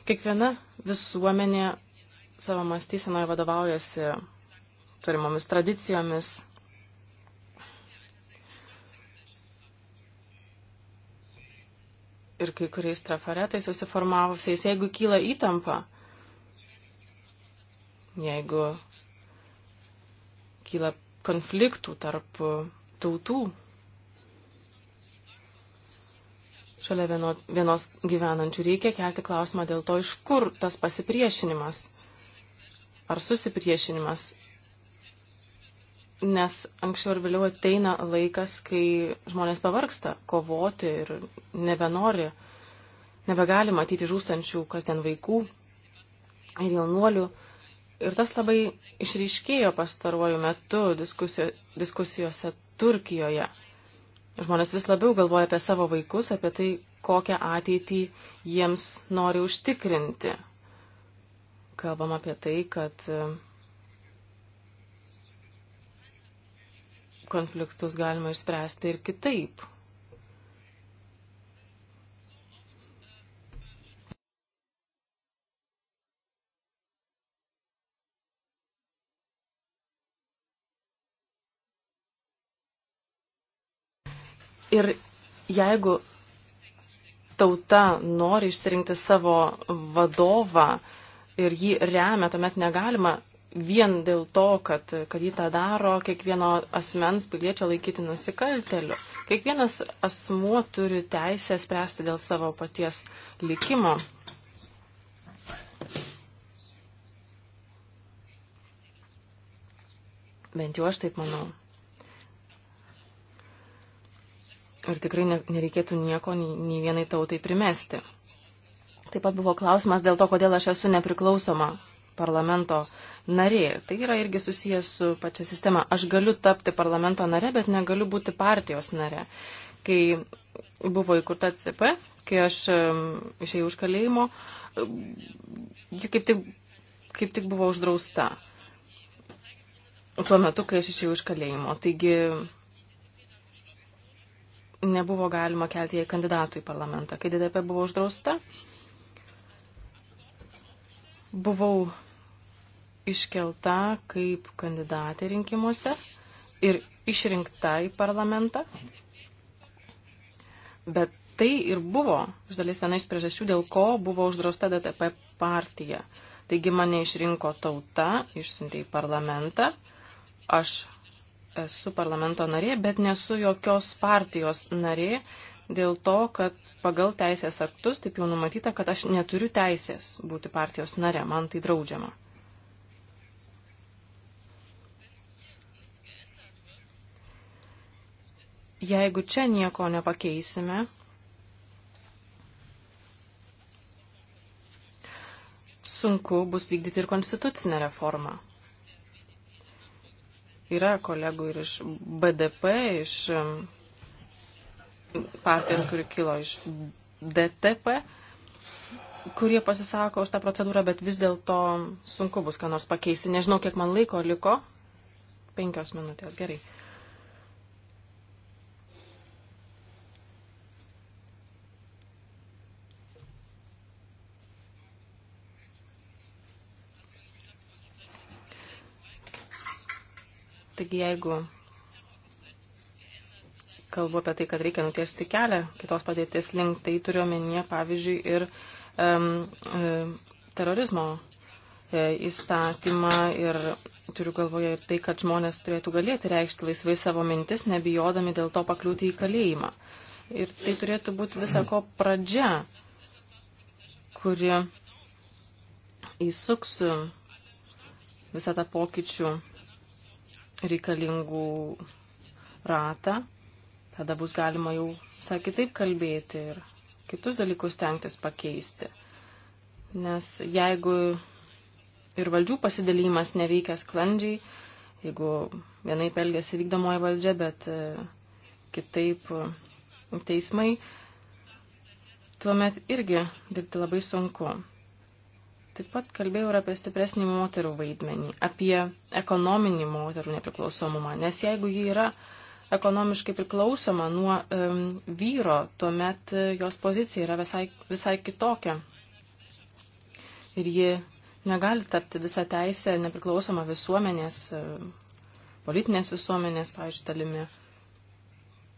Speaker 1: Kiekviena visuomenė savo mąstysenoje vadovaujasi turimomis tradicijomis, ir kai kuriais trafaretai susiformavusiais, jeigu kyla įtampa, jeigu kyla konfliktų tarp tautų, šalia vieno, vienos gyvenančių reikia kelti klausimą dėl to, iš kur tas pasipriešinimas ar susipriešinimas nes anksčiau ar vėliau ateina laikas, kai žmonės pavarksta kovoti ir nebenori, nebegali matyti žūstančių kasdien vaikų ir jaunuolių. Ir tas labai išryškėjo pastaruoju metu diskusijo, diskusijose Turkijoje. Žmonės vis labiau galvoja apie savo vaikus, apie tai, kokią ateitį jiems nori užtikrinti. Kalbam apie tai, kad konfliktus galima išspręsti ir kitaip. Ir jeigu tauta nori išsirinkti savo vadovą ir jį remia, tuomet negalima vien dėl to, kad, kad jį tą daro, kiekvieno asmens piliečio laikyti nusikalteliu. Kiekvienas asmuo turi teisę spręsti dėl savo paties likimo. Bent jau aš taip manau. Ir tikrai nereikėtų nieko nei, nei vienai tautai primesti. Taip pat buvo klausimas dėl to, kodėl aš esu nepriklausoma parlamento narė. Tai yra irgi susijęs su pačia sistema. Aš galiu tapti parlamento nare, bet negaliu būti partijos nare. Kai buvo įkurta CP, kai aš išėjau iš kalėjimo, ji kaip tik, kaip tik buvo uždrausta. Tuo metu, kai aš išėjau iš kalėjimo. Taigi nebuvo galima kelti jai kandidatų į parlamentą. Kai DDP buvo uždrausta, buvau iškelta kaip kandidatė rinkimuose ir išrinkta į parlamentą. Bet tai ir buvo iš dalies viena iš priežasčių, dėl ko buvo uždrausta DTP partija. Taigi mane išrinko tauta, išsiuntė į parlamentą. Aš esu parlamento narė, bet nesu jokios partijos narė dėl to, kad pagal teisės aktus taip jau numatyta, kad aš neturiu teisės būti partijos nare, man tai draudžiama. Jeigu čia nieko nepakeisime, sunku bus vykdyti ir konstitucinę reformą. Yra kolegų ir iš BDP, iš partijos, kuri kilo iš DTP, kurie pasisako už tą procedūrą, bet vis dėlto sunku bus ką nors pakeisti. Nežinau, kiek man laiko liko. Penkios minutės, gerai. Taigi jeigu kalbu apie tai, kad reikia nutiesti kelią kitos padėties link, tai turiu omenyje, pavyzdžiui, ir um, um, terorizmo e, įstatymą ir turiu galvoje ir tai, kad žmonės turėtų galėti reikšti laisvai savo mintis, nebijodami dėl to pakliūti į kalėjimą. Ir tai turėtų būti visako pradžia, kuri įsuks visą tą pokyčių reikalingų ratą Tada bus galima jau visai kitaip kalbėti ir kitus dalykus tenktis pakeisti. Nes jeigu ir valdžių pasidalymas neveikia sklandžiai, jeigu vienai pelgėsi vykdomoji valdžia, bet e, kitaip e, teismai, tuomet irgi dirbti labai sunku. Taip pat kalbėjau ir apie stipresnį moterų vaidmenį, apie ekonominį moterų nepriklausomumą, nes jeigu ji yra ekonomiškai priklausoma nuo um, vyro, tuomet e, jos pozicija yra visai, visai kitokia. Ir ji negali tapti visą teisę nepriklausoma visuomenės, e, politinės visuomenės, pavyzdžiui, dalimi.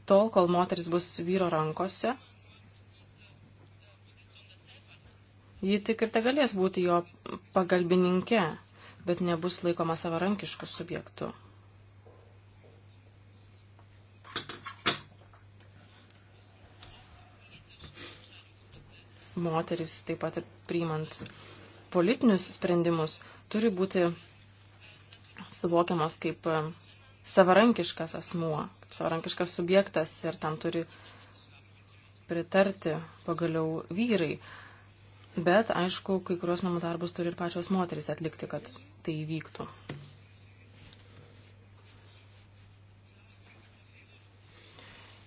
Speaker 1: Tol, kol moteris bus vyro rankose, ji tik ir te galės būti jo pagalbininke, bet nebus laikoma savarankiškų subjektų. moteris, taip pat ir priimant politinius sprendimus, turi būti suvokiamas kaip e, savarankiškas asmuo, kaip savarankiškas subjektas ir tam turi pritarti pagaliau vyrai. Bet, aišku, kai kurios namų darbus turi ir pačios moteris atlikti, kad tai įvyktų.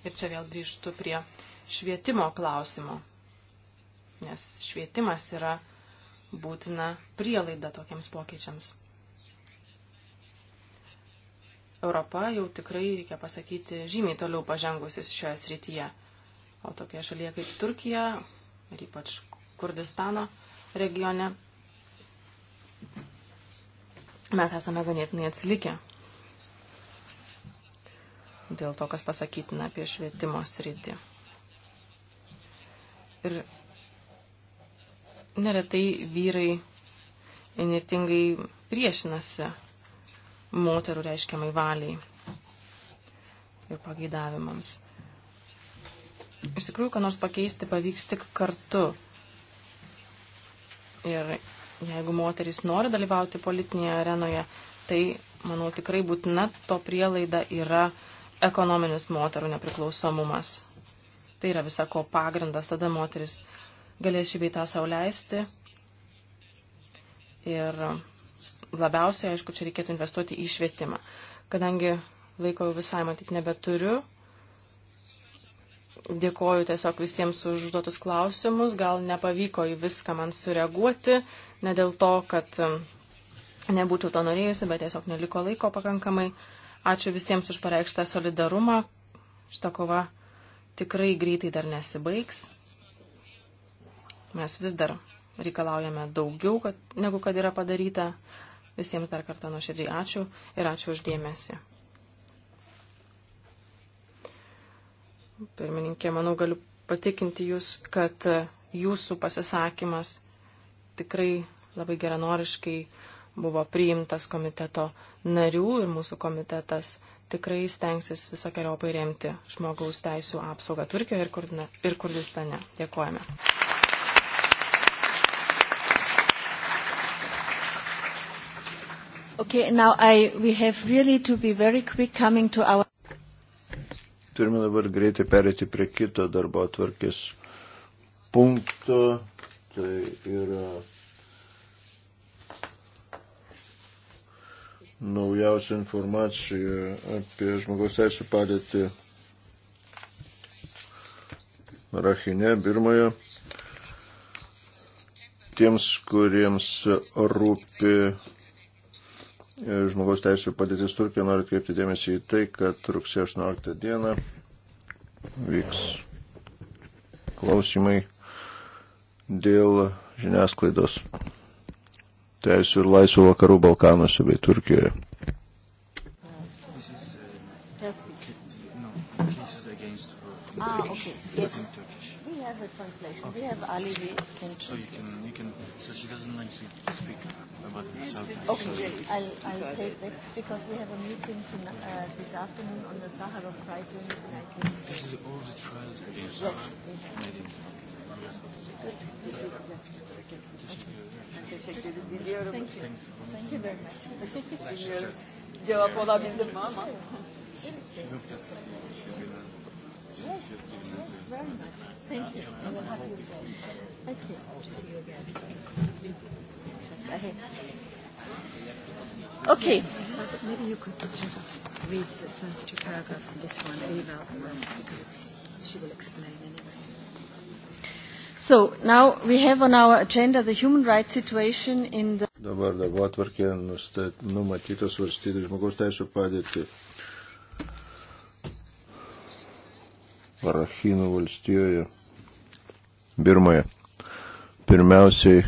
Speaker 1: Ir čia vėl grįžtu prie švietimo klausimo nes švietimas yra būtina prielaida tokiems pokyčiams. Europa jau tikrai, reikia pasakyti, žymiai toliau pažengusis šioje srityje. O tokioje šalyje kaip Turkija ir ypač Kurdistano regione mes esame ganėtinai atsilikę dėl to, kas pasakytina apie švietimo sritį. Ir neretai vyrai inirtingai priešinasi moterų reiškiamai valiai ir pageidavimams. Iš tikrųjų, ką nors pakeisti pavyks tik kartu. Ir jeigu moterys nori dalyvauti politinėje arenoje, tai, manau, tikrai būtina to prielaida yra ekonominis moterų nepriklausomumas. Tai yra visako pagrindas, tada moteris galės šį beitą sauliaisti. Ir labiausiai, aišku, čia reikėtų investuoti į švietimą. Kadangi laiko visai matyt nebeturiu, dėkoju tiesiog visiems už užduotus klausimus, gal nepavyko į viską man sureaguoti, ne dėl to, kad um, nebūčiau to norėjusi, bet tiesiog neliko laiko pakankamai. Ačiū visiems už pareikštą solidarumą. Šitą kovą tikrai greitai dar nesibaigs. Mes vis dar reikalaujame daugiau, kad, negu kad yra padaryta. Visiems dar kartą nuoširdžiai ačiū ir ačiū uždėmesi. Pirmininkė, manau, galiu patikinti Jūs, kad Jūsų pasisakymas tikrai labai geranoriškai buvo priimtas komiteto narių ir mūsų komitetas tikrai stengsis visokiojopai remti žmogaus teisų apsaugą Turkijoje ir, Kurdina, ir Kurdistane. Dėkojame. Okay, now I, we have really to be very quick coming to our...
Speaker 3: Turime dabar greitai perėti prie kito darbo atvarkės punkto. Tai yra naujausia informacija apie žmogaus teisų padėtį Rahine, Birmoje. Tiems, kuriems rūpi žmogaus teisų padėtis Turkija, noriu atkreipti dėmesį į tai, kad rugsėjo 18 dieną vyks klausimai dėl žiniasklaidos teisų ir laisvų vakarų Balkanuose bei Turkijoje.
Speaker 1: Uh, ah, okay. Yes translation. Okay. We have Ali. We can so you can, you can. So she doesn't like to speak about herself. Okay, so I'll, I'll take that because we have a meeting to, uh, this afternoon on the Sakharov Prize winners, and I
Speaker 2: can. This is all the trials against yes. Sakharov. Yes. Teşekkür ediyorum. Thank you. Thank you very much.
Speaker 1: Dinliyoruz. Cevap olabildim mi ama?
Speaker 2: She
Speaker 1: looked at you. She's been.
Speaker 2: Yes, yes, very much. Thank you. I will have you again. Thank you. To see you again. Just ahead. Okay. Maybe you could just read the first two paragraphs of this one and leave out the rest because she will explain anyway.
Speaker 1: So now we have on our agenda the human rights situation in the.
Speaker 3: Dabar darbo atvarkė numatyta svarstyti žmogaus teisų padėtį Parahinų valstijoje. Birmoje. Pirmiausiai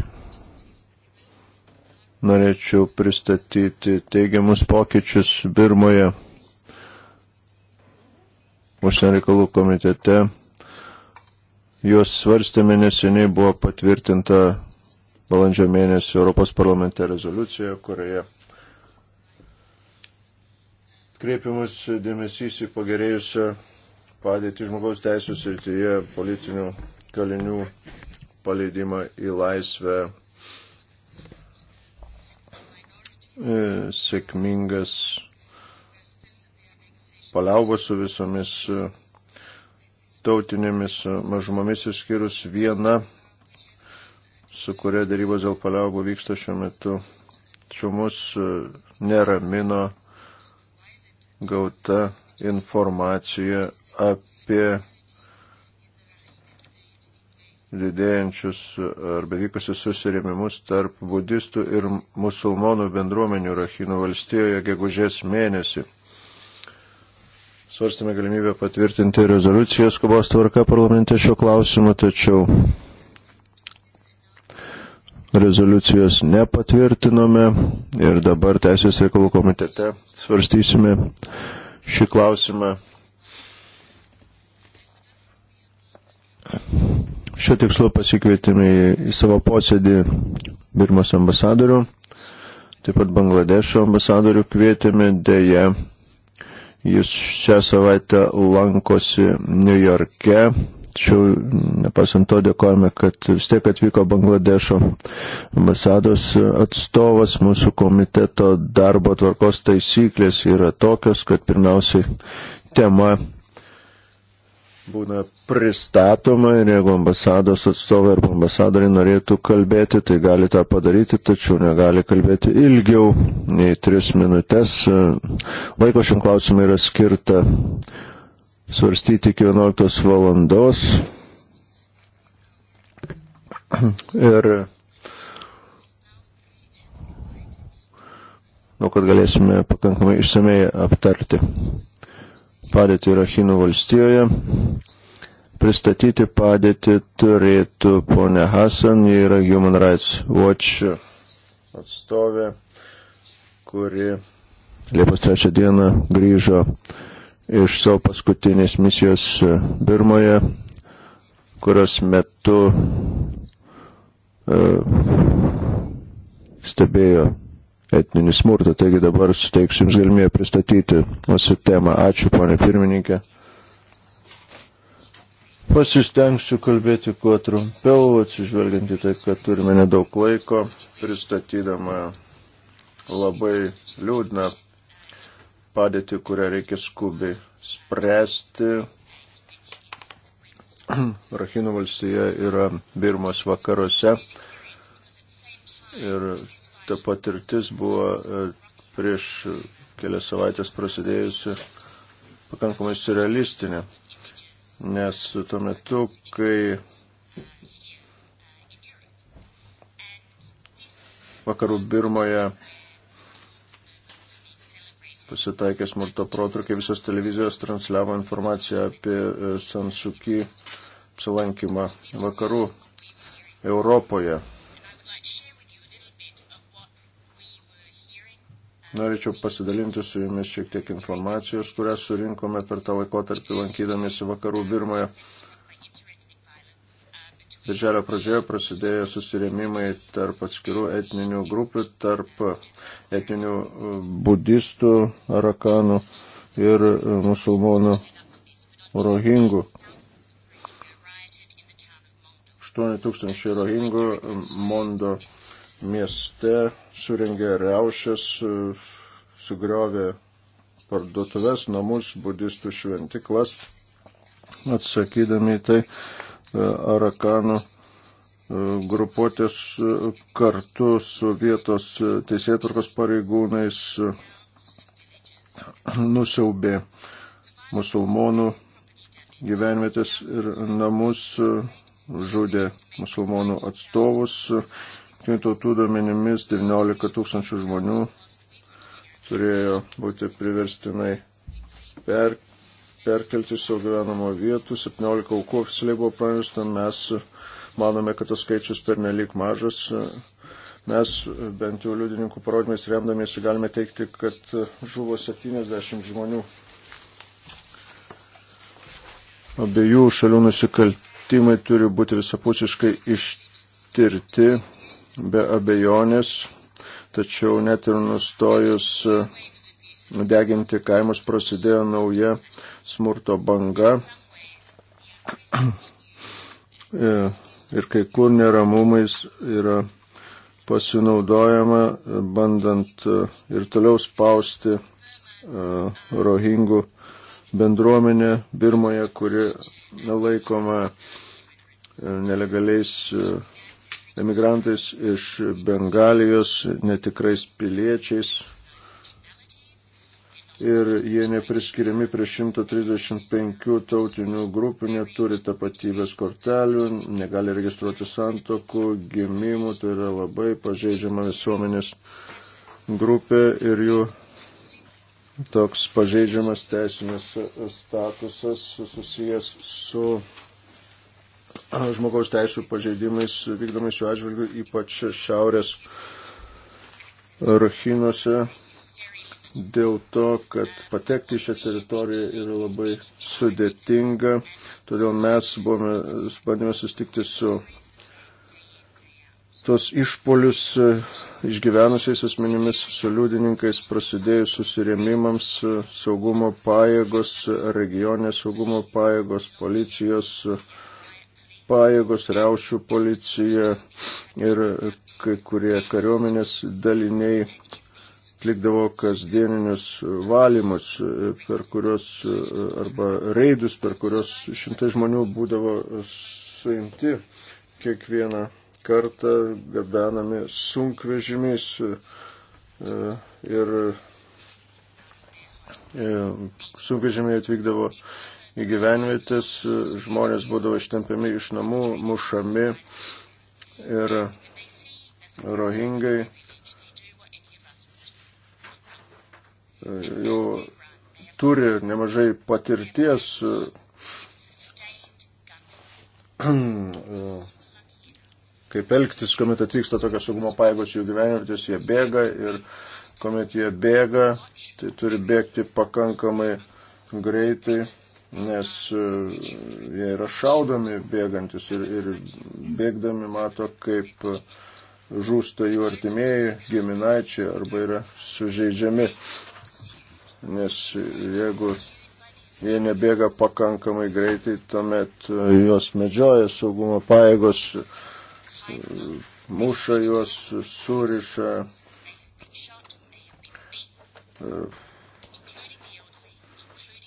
Speaker 3: norėčiau pristatyti teigiamus pokyčius Birmoje užsienio reikalų komitete. Juos svarstėme neseniai buvo patvirtinta balandžio mėnesį Europos parlamente rezoliucija, kurioje kreipiamas dėmesys į pagerėjusią padėtį žmogaus teisų srityje, politinių kalinių paleidimą į laisvę, e, sėkmingas paliaubas su visomis e, tautinėmis e, mažumomis išskyrus vieną, su kuria darybos dėl paliaubų vyksta šiuo metu. Čia mus neramino gauta informacija apie didėjančius ar bevykusius susirėmimus tarp budistų ir musulmonų bendruomenių Rahino valstijoje gegužės mėnesį. Svarstame galimybę patvirtinti rezoliucijos skubos tvarka parlamente šio klausimu, tačiau rezoliucijos nepatvirtinome ir dabar Teisės reikalų komitete svarstysime šį klausimą. Šiuo tikslu pasikvietėme į savo posėdį Birmos ambasadorių, taip pat Bangladešo ambasadorių kvietėme, dėje jis šią savaitę lankosi New Yorke, tačiau nepasant to dėkojame, kad vis tiek atvyko Bangladešo ambasados atstovas, mūsų komiteto darbo tvarkos taisyklės yra tokios, kad pirmiausiai tema būna pristatoma ir jeigu ambasados atstovai arba ambasadoriai norėtų kalbėti, tai gali tą padaryti, tačiau negali kalbėti ilgiau nei tris minutės. Laiko šiam klausimui yra skirta svarstyti iki 11 valandos. Ir nu, kad galėsime pakankamai išsamei aptarti padėtį Irachinų valstijoje pristatyti padėtį turėtų ponė Hasan, jie yra Human Rights Watch atstovė, kuri Liepos trečią dieną grįžo iš savo paskutinės misijos Birmoje, kurios metu uh, stebėjo etninį smurtą. Taigi dabar suteiksiu Jums galimybę pristatyti mūsų temą. Ačiū, ponė pirmininkė. Pasistengsiu kalbėti kuo trumpiau, atsižvelgiant į tai, kad turime nedaug laiko, pristatydama labai liūdną padėtį, kurią reikia skubiai spręsti. <clears throat> Rahino valstija yra Birmos vakaruose ir ta patirtis buvo e, prieš kelias savaitės prasidėjusi pakankamai surrealistinė nes tuo metu, kai vakarų Birmoje pasitaikė smurto protrukiai, visos televizijos transliavo informaciją apie e, Sansuki apsilankymą vakarų Europoje. Norėčiau pasidalinti su jumis šiek tiek informacijos, kurią surinkome per tą laikotarpį lankydamėsi vakarų Birmoje. Birželio pradžioje prasidėjo susirėmimai tarp atskirų etninių grupių, tarp etninių e, budistų, arakanų ir e, musulmonų rohingų. 8000 rohingų Mondo mieste suringė reušės, sugriovė parduotuvės, namus, budistų šventiklas, atsakydami tai e, Arakano e, grupuotės e, kartu su vietos teisėtvarkos pareigūnais nusiaubė musulmonų gyvenvietės ir namus, žudė musulmonų atstovus, tautų duomenimis 19 tūkstančių žmonių turėjo būti priverstinai per, perkelti savo gyvenamo vietų, 17 aukų oficialiai buvo pranešta, mes manome, kad tas skaičius pernelik mažas. Mes bent jau liudininkų parodymais remdamiesi galime teikti, kad žuvo 70 žmonių. Abiejų šalių nusikaltimai turi būti visapusiškai ištirti be abejonės, tačiau net ir nustojus e, deginti kaimus prasidėjo nauja smurto banga. E, ir kai kur neramumais yra pasinaudojama, e, bandant ir toliau spausti rohingų bendruomenė Birmoje, kuri laikoma nelegaliais emigrantais iš Bengalijos, netikrais piliečiais. Ir jie nepriskiriami prie 135 tautinių grupių, neturi tapatybės kortelių, negali registruoti santokų, gimimų, tai yra labai pažeidžiama visuomenės grupė ir jų toks pažeidžiamas teisinės statusas susijęs su žmogaus teisų pažeidimais vykdomais šiuo atžvilgiu, ypač šiaurės Rachinuose, dėl to, kad patekti į šią teritoriją yra labai sudėtinga, todėl mes buvome, bandėme sustikti su tos išpolius e, išgyvenusiais asmenimis, su liudininkais, prasidėjus susirėmimams, e, saugumo pajėgos, regionės saugumo pajėgos, policijos, pajėgos, reušių policija ir kai kurie kariuomenės daliniai atlikdavo kasdieninius valymus, per kurios arba reidus, per kurios šimtai žmonių būdavo suimti kiekvieną kartą, gabenami sunkvežimiais e, ir e, sunkvežimiai atvykdavo į gyvenvietės, žmonės būdavo ištempiami iš namų, mušami ir rohingai jau turi nemažai patirties kaip elgtis, kuomet atvyksta tokios saugumo paėgos jų gyvenimtis, jie bėga ir kuomet jie bėga, tai turi bėgti pakankamai greitai nes e, jie yra šaudomi bėgantis ir, ir bėgdami mato, kaip žūsta jų artimieji, giminaičiai arba yra sužeidžiami, nes jeigu jie nebėga pakankamai greitai, tuomet e, juos medžioja saugumo paėgos, e, muša juos, suriša.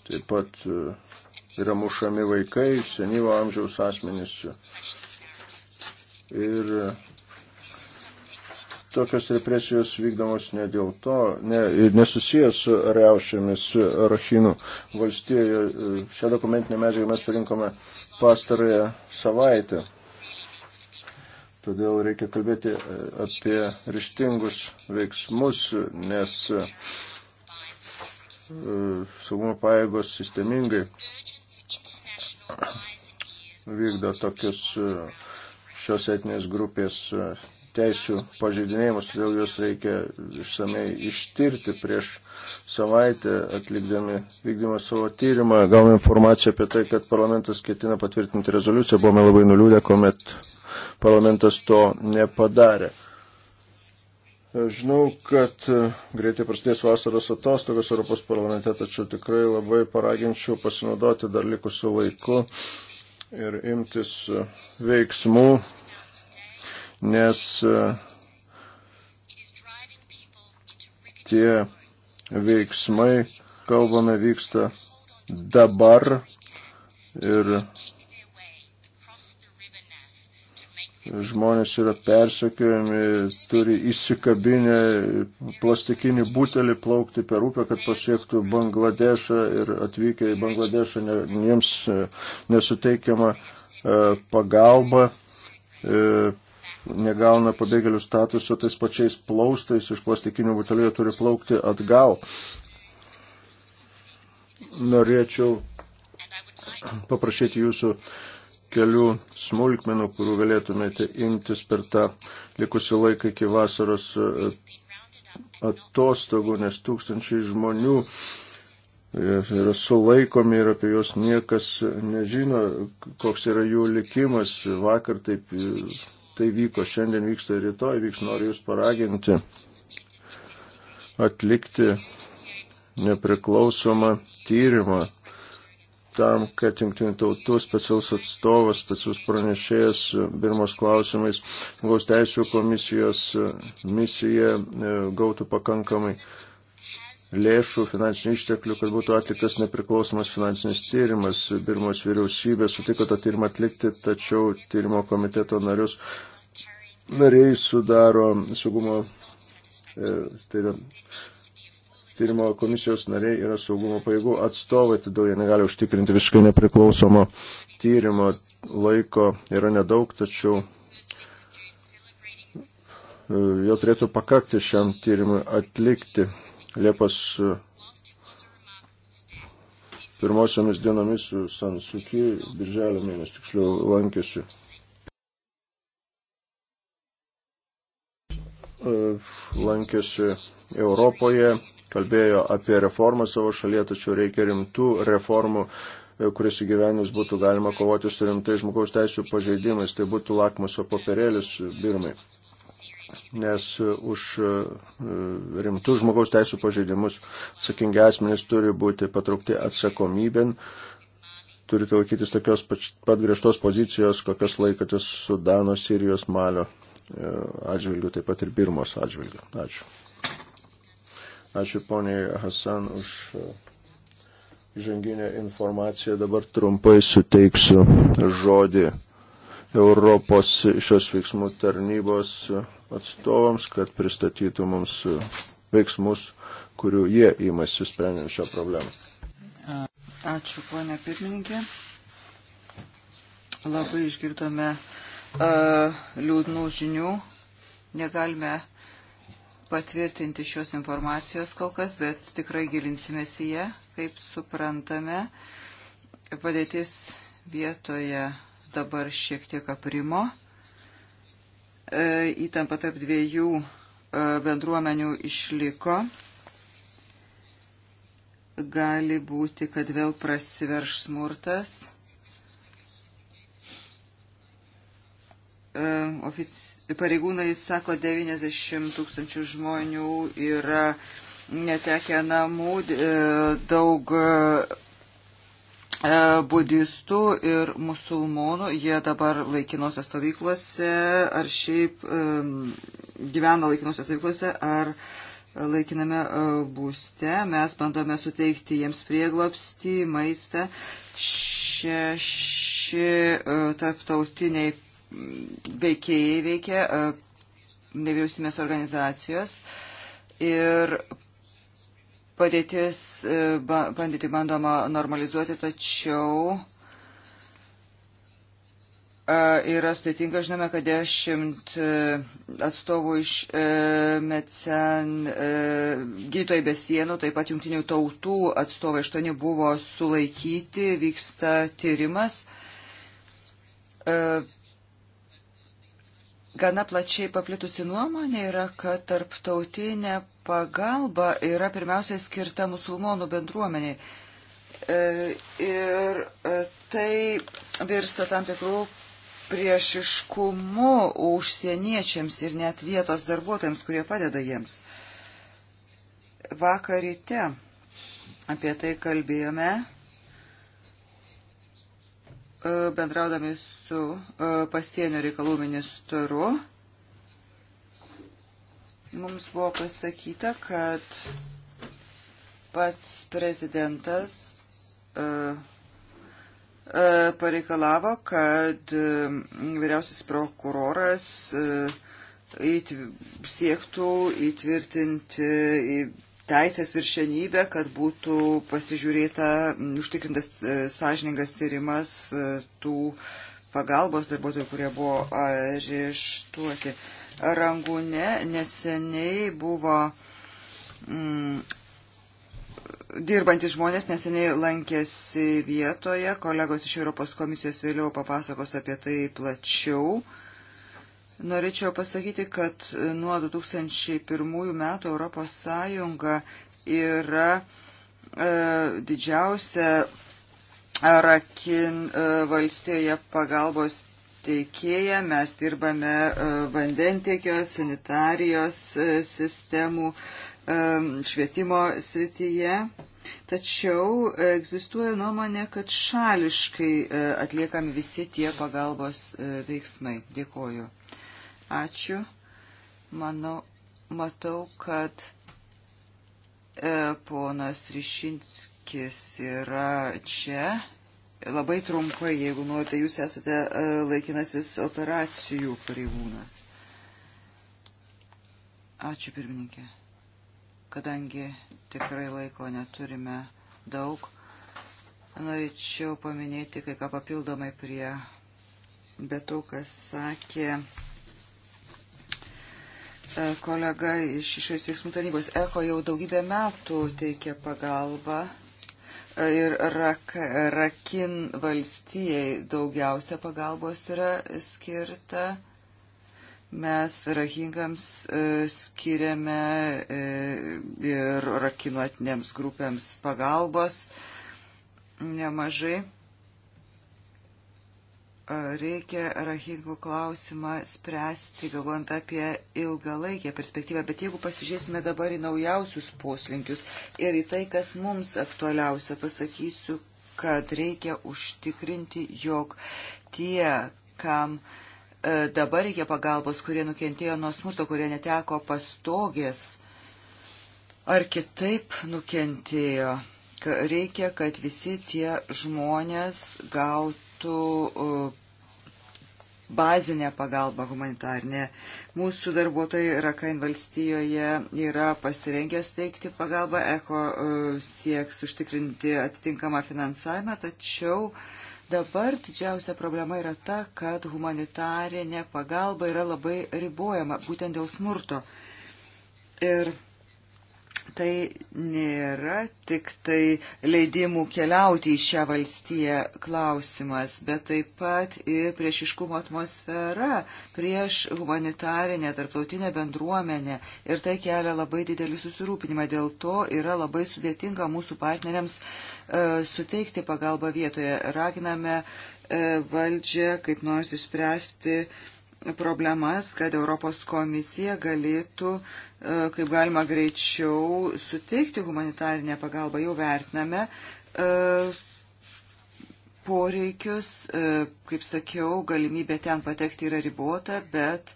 Speaker 3: Taip pat yra mušami vaikai, senyvo amžiaus asmenys. Ir tokios represijos vykdomos ne dėl to, ne, nesusijęs su reušiamis Rahinų valstijoje. Šią dokumentinę medžiagą mes surinkome pastarąją savaitę. Todėl reikia kalbėti apie ryštingus veiksmus, nes e, saugumo pajėgos sistemingai vykdo tokius e, šios etinės grupės e, teisų pažeidinėjimus, todėl juos reikia išsamei ištirti prieš savaitę atlikdami vykdymą savo tyrimą. Gavome informaciją apie tai, kad parlamentas ketina patvirtinti rezoliuciją, buvome labai nuliūdę, kuomet parlamentas to nepadarė. Žinau, kad e, greitai prasidės vasaros atostogos Europos parlamente, tačiau tikrai labai paraginčiau pasinaudoti dar likusiu laiku ir imtis e, veiksmų, nes e, tie veiksmai, kalbame, vyksta dabar ir žmonės yra persekiojami, turi įsikabinę plastikinį butelį plaukti per upę, kad pasiektų Bangladešą ir atvykę į Bangladešą ne, jiems e, nesuteikiama e, pagalba, e, negauna pabėgėlių statuso, tais pačiais plaustais iš plastikinių butelių turi plaukti atgal. Norėčiau paprašyti jūsų uh, kelių smulkmenų, kurių galėtumėte imtis per tą likusį laiką iki vasaros e, atostogų, nes tūkstančiai žmonių e, yra sulaikomi ir apie juos niekas nežino, koks yra jų likimas. Vakar taip e, tai vyko, šiandien vyksta ir rytoj vyks, noriu Jūs paraginti atlikti nepriklausomą tyrimą tam, kad jungtinių tautų specialus atstovas, specialus pranešėjas Birmos klausimais, gaus teisų komisijos misija e, gautų pakankamai lėšų, finansinių išteklių, kad būtų atliktas nepriklausomas finansinis tyrimas. Birmos vyriausybė sutiko tą tyrimą atlikti, tačiau tyrimo komiteto narius nariai sudaro saugumo, e, tai yra tyrimo komisijos nariai yra saugumo paėgų atstovai, todėl jie negali užtikrinti visiškai nepriklausomo tyrimo. Laiko yra nedaug, tačiau e, jo turėtų pakakti šiam tyrimui atlikti. Liepos e, pirmosiomis dienomis su Sansuki, birželio mėnesį tiksliau, lankėsi e, lankėsi Europoje kalbėjo apie reformą savo šalyje, tačiau reikia rimtų reformų e, kuris įgyvenimus būtų galima kovoti su rimtai žmogaus teisų pažeidimais, tai būtų lakmuso papirėlis e, Birmai. Nes e, už rimtų žmogaus teisų pažeidimus atsakingi asmenys turi būti patraukti atsakomybėn, turite laikytis tokios pat griežtos pozicijos, kokios laikotės Sudano, Sirijos, Malio atžvilgių, taip pat ir Birmos atžvilgių. Ačiū. Ačiū poniai Hasan už e, žanginę informaciją. Dabar trumpai suteiksiu žodį Europos šios veiksmų tarnybos atstovams, kad pristatytų mums e, veiksmus, kurių jie įmasi sprendžiant šią problemą.
Speaker 2: Ačiū, ponia pirmininkė. Labai išgirdome uh, liūdnų žinių. Negalime patvirtinti šios informacijos kol kas, bet tikrai gilinsimės į ją, kaip suprantame. Padėtis vietoje dabar šiek tiek aprimo. E, įtampa tarp dviejų e, bendruomenių išliko. Gali būti, kad vėl prasiverš smurtas E, pareigūnai sako 90 tūkstančių žmonių yra netekę namų, e, daug e, budistų ir musulmonų, jie dabar laikinose stovyklose ar šiaip gyvena laikinose stovyklose ar laikiname būste. Mes bandome suteikti jiems prieglopstį, maistą. Šeši tarptautiniai veikėjai veikia, e, nevyriausybės organizacijos ir padėtis e, bandyti bandoma normalizuoti, tačiau e, yra sudėtinga. Žinome, kad dešimt atstovų iš Mecen gydytojai be sienų, taip pat jungtinių tautų atstovai aštuoni buvo sulaikyti, vyksta tyrimas gana plačiai paplitusi nuomonė yra, kad tarptautinė pagalba yra pirmiausiai skirta musulmonų bendruomeniai. E, ir e, tai virsta tam tikrų priešiškumu užsieniečiams ir net vietos darbuotojams, kurie padeda jiems. Vakar ryte apie tai kalbėjome E, bendraudami su e, pasienio reikalų ministru, mums buvo pasakyta, kad pats prezidentas e, pareikalavo, kad vyriausias prokuroras siektų įtvirtinti teisės viršenybę, kad būtų pasižiūrėta užtikrintas e, sąžiningas tyrimas e, tų pagalbos darbuotojų, kurie buvo areštuoti. Rangūne neseniai buvo mm, dirbantys žmonės, neseniai lankėsi vietoje, kolegos iš Europos komisijos vėliau papasakos apie tai plačiau. Mm, Norėčiau pasakyti, kad nuo 2001 metų Europos Sąjunga yra e, didžiausia Rakin e, valstijoje pagalbos teikėja. Mes dirbame e, vandentiekios, sanitarijos e, sistemų, e, švietimo srityje. Tačiau egzistuoja nuomonė, kad šališkai e, atliekami visi tie pagalbos e, veiksmai. Dėkoju. Ačiū. Manau, matau, kad e, ponas Ryšinskis yra čia. Labai trumpai, jeigu norite, jūs esate e, laikinasis operacijų pareigūnas. Ačiū pirmininkė. Kadangi tikrai laiko neturime daug, norėčiau paminėti kai ką papildomai prie bet to, kas sakė E, kolega iš išorės veiksmų tarnybos ECHO jau daugybę metų teikia pagalbą e, ir rak, Rakin valstijai daugiausia pagalbos yra skirta. Mes rahingams e, skiriame ir rakinuotinėms grupėms pagalbos nemažai reikia rahingų klausimą spręsti, galvojant apie ilgalaikę perspektyvą. Bet jeigu pasižiūrėsime dabar į naujausius poslinkius ir į tai, kas mums aktualiausia, pasakysiu, kad reikia užtikrinti, jog tie, kam e, dabar reikia pagalbos, kurie nukentėjo nuo smurto, kurie neteko pastogės ar kitaip nukentėjo, reikia, kad visi tie žmonės gautų būtų bazinė pagalba humanitarnė. Mūsų darbuotojai Rakain valstijoje yra pasirengę suteikti pagalbą, ECHO sieks užtikrinti atitinkamą finansavimą, tačiau dabar didžiausia problema yra ta, kad humanitarinė pagalba yra labai ribojama būtent dėl smurto. Ir Tai nėra tik tai leidimų keliauti į šią valstiją klausimas, bet taip pat ir priešiškumo atmosfera prieš humanitarinę tarptautinę bendruomenę. Ir tai kelia labai didelį susirūpinimą. Dėl to yra labai sudėtinga mūsų partneriams e, suteikti pagalbą vietoje. Raginame e, valdžią kaip nors išspręsti. E, problemas, kad Europos komisija galėtų, e, kaip galima greičiau, suteikti humanitarinę pagalbą. Jau vertiname e, poreikius, e, kaip sakiau, galimybė ten patekti yra ribota, bet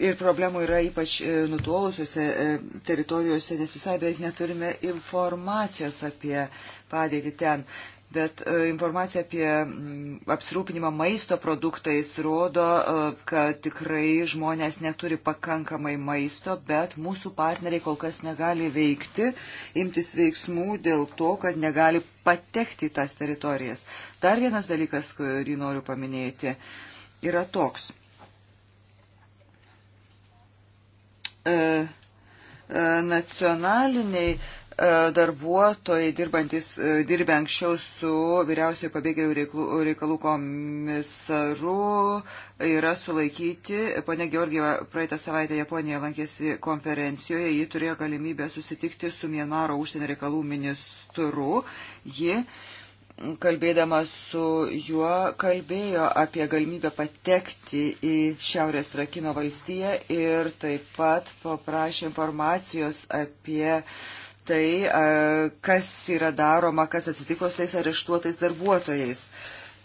Speaker 2: ir problemų yra ypač nutolusiuose teritorijuose, nes visai beveik neturime informacijos apie padėtį ten. Bet e, informacija apie mm, apsirūpinimą maisto produktais rodo, e, kad tikrai žmonės neturi pakankamai maisto, bet mūsų partneriai kol kas negali veikti, imtis veiksmų dėl to, kad negali patekti į tas teritorijas. Dar vienas dalykas, kurį noriu paminėti, yra toks. E, e, nacionaliniai darbuotojai dirbantis, e, dirbę anksčiau su vyriausiojo pabėgėlių reikalų, reikalų komisaru yra sulaikyti. Pone Georgijeva praeitą savaitę Japonijoje lankėsi konferencijoje, ji turėjo galimybę susitikti su Mienaro užsienio reikalų ministru. Ji kalbėdama su juo, kalbėjo apie galimybę patekti į Šiaurės Rakino valstiją ir taip pat paprašė informacijos apie tai, e, kas yra daroma, kas atsitiko su tais areštuotais darbuotojais.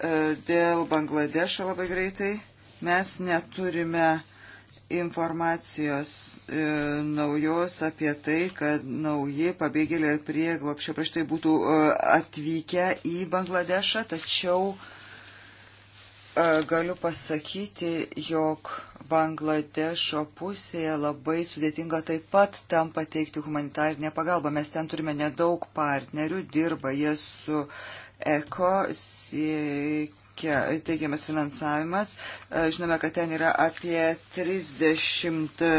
Speaker 2: E, dėl Bangladešo labai greitai mes neturime informacijos e, naujos apie tai, kad nauji pabėgėliai ir prieglopščio prieš tai būtų e, atvykę į Bangladešą, tačiau e, galiu pasakyti, jog Bangladešo pusėje labai sudėtinga taip pat tam pateikti humanitarinę pagalbą. Mes ten turime nedaug partnerių, dirba jie su ECO, teigiamas finansavimas. E, žinome, kad ten yra apie 30 e,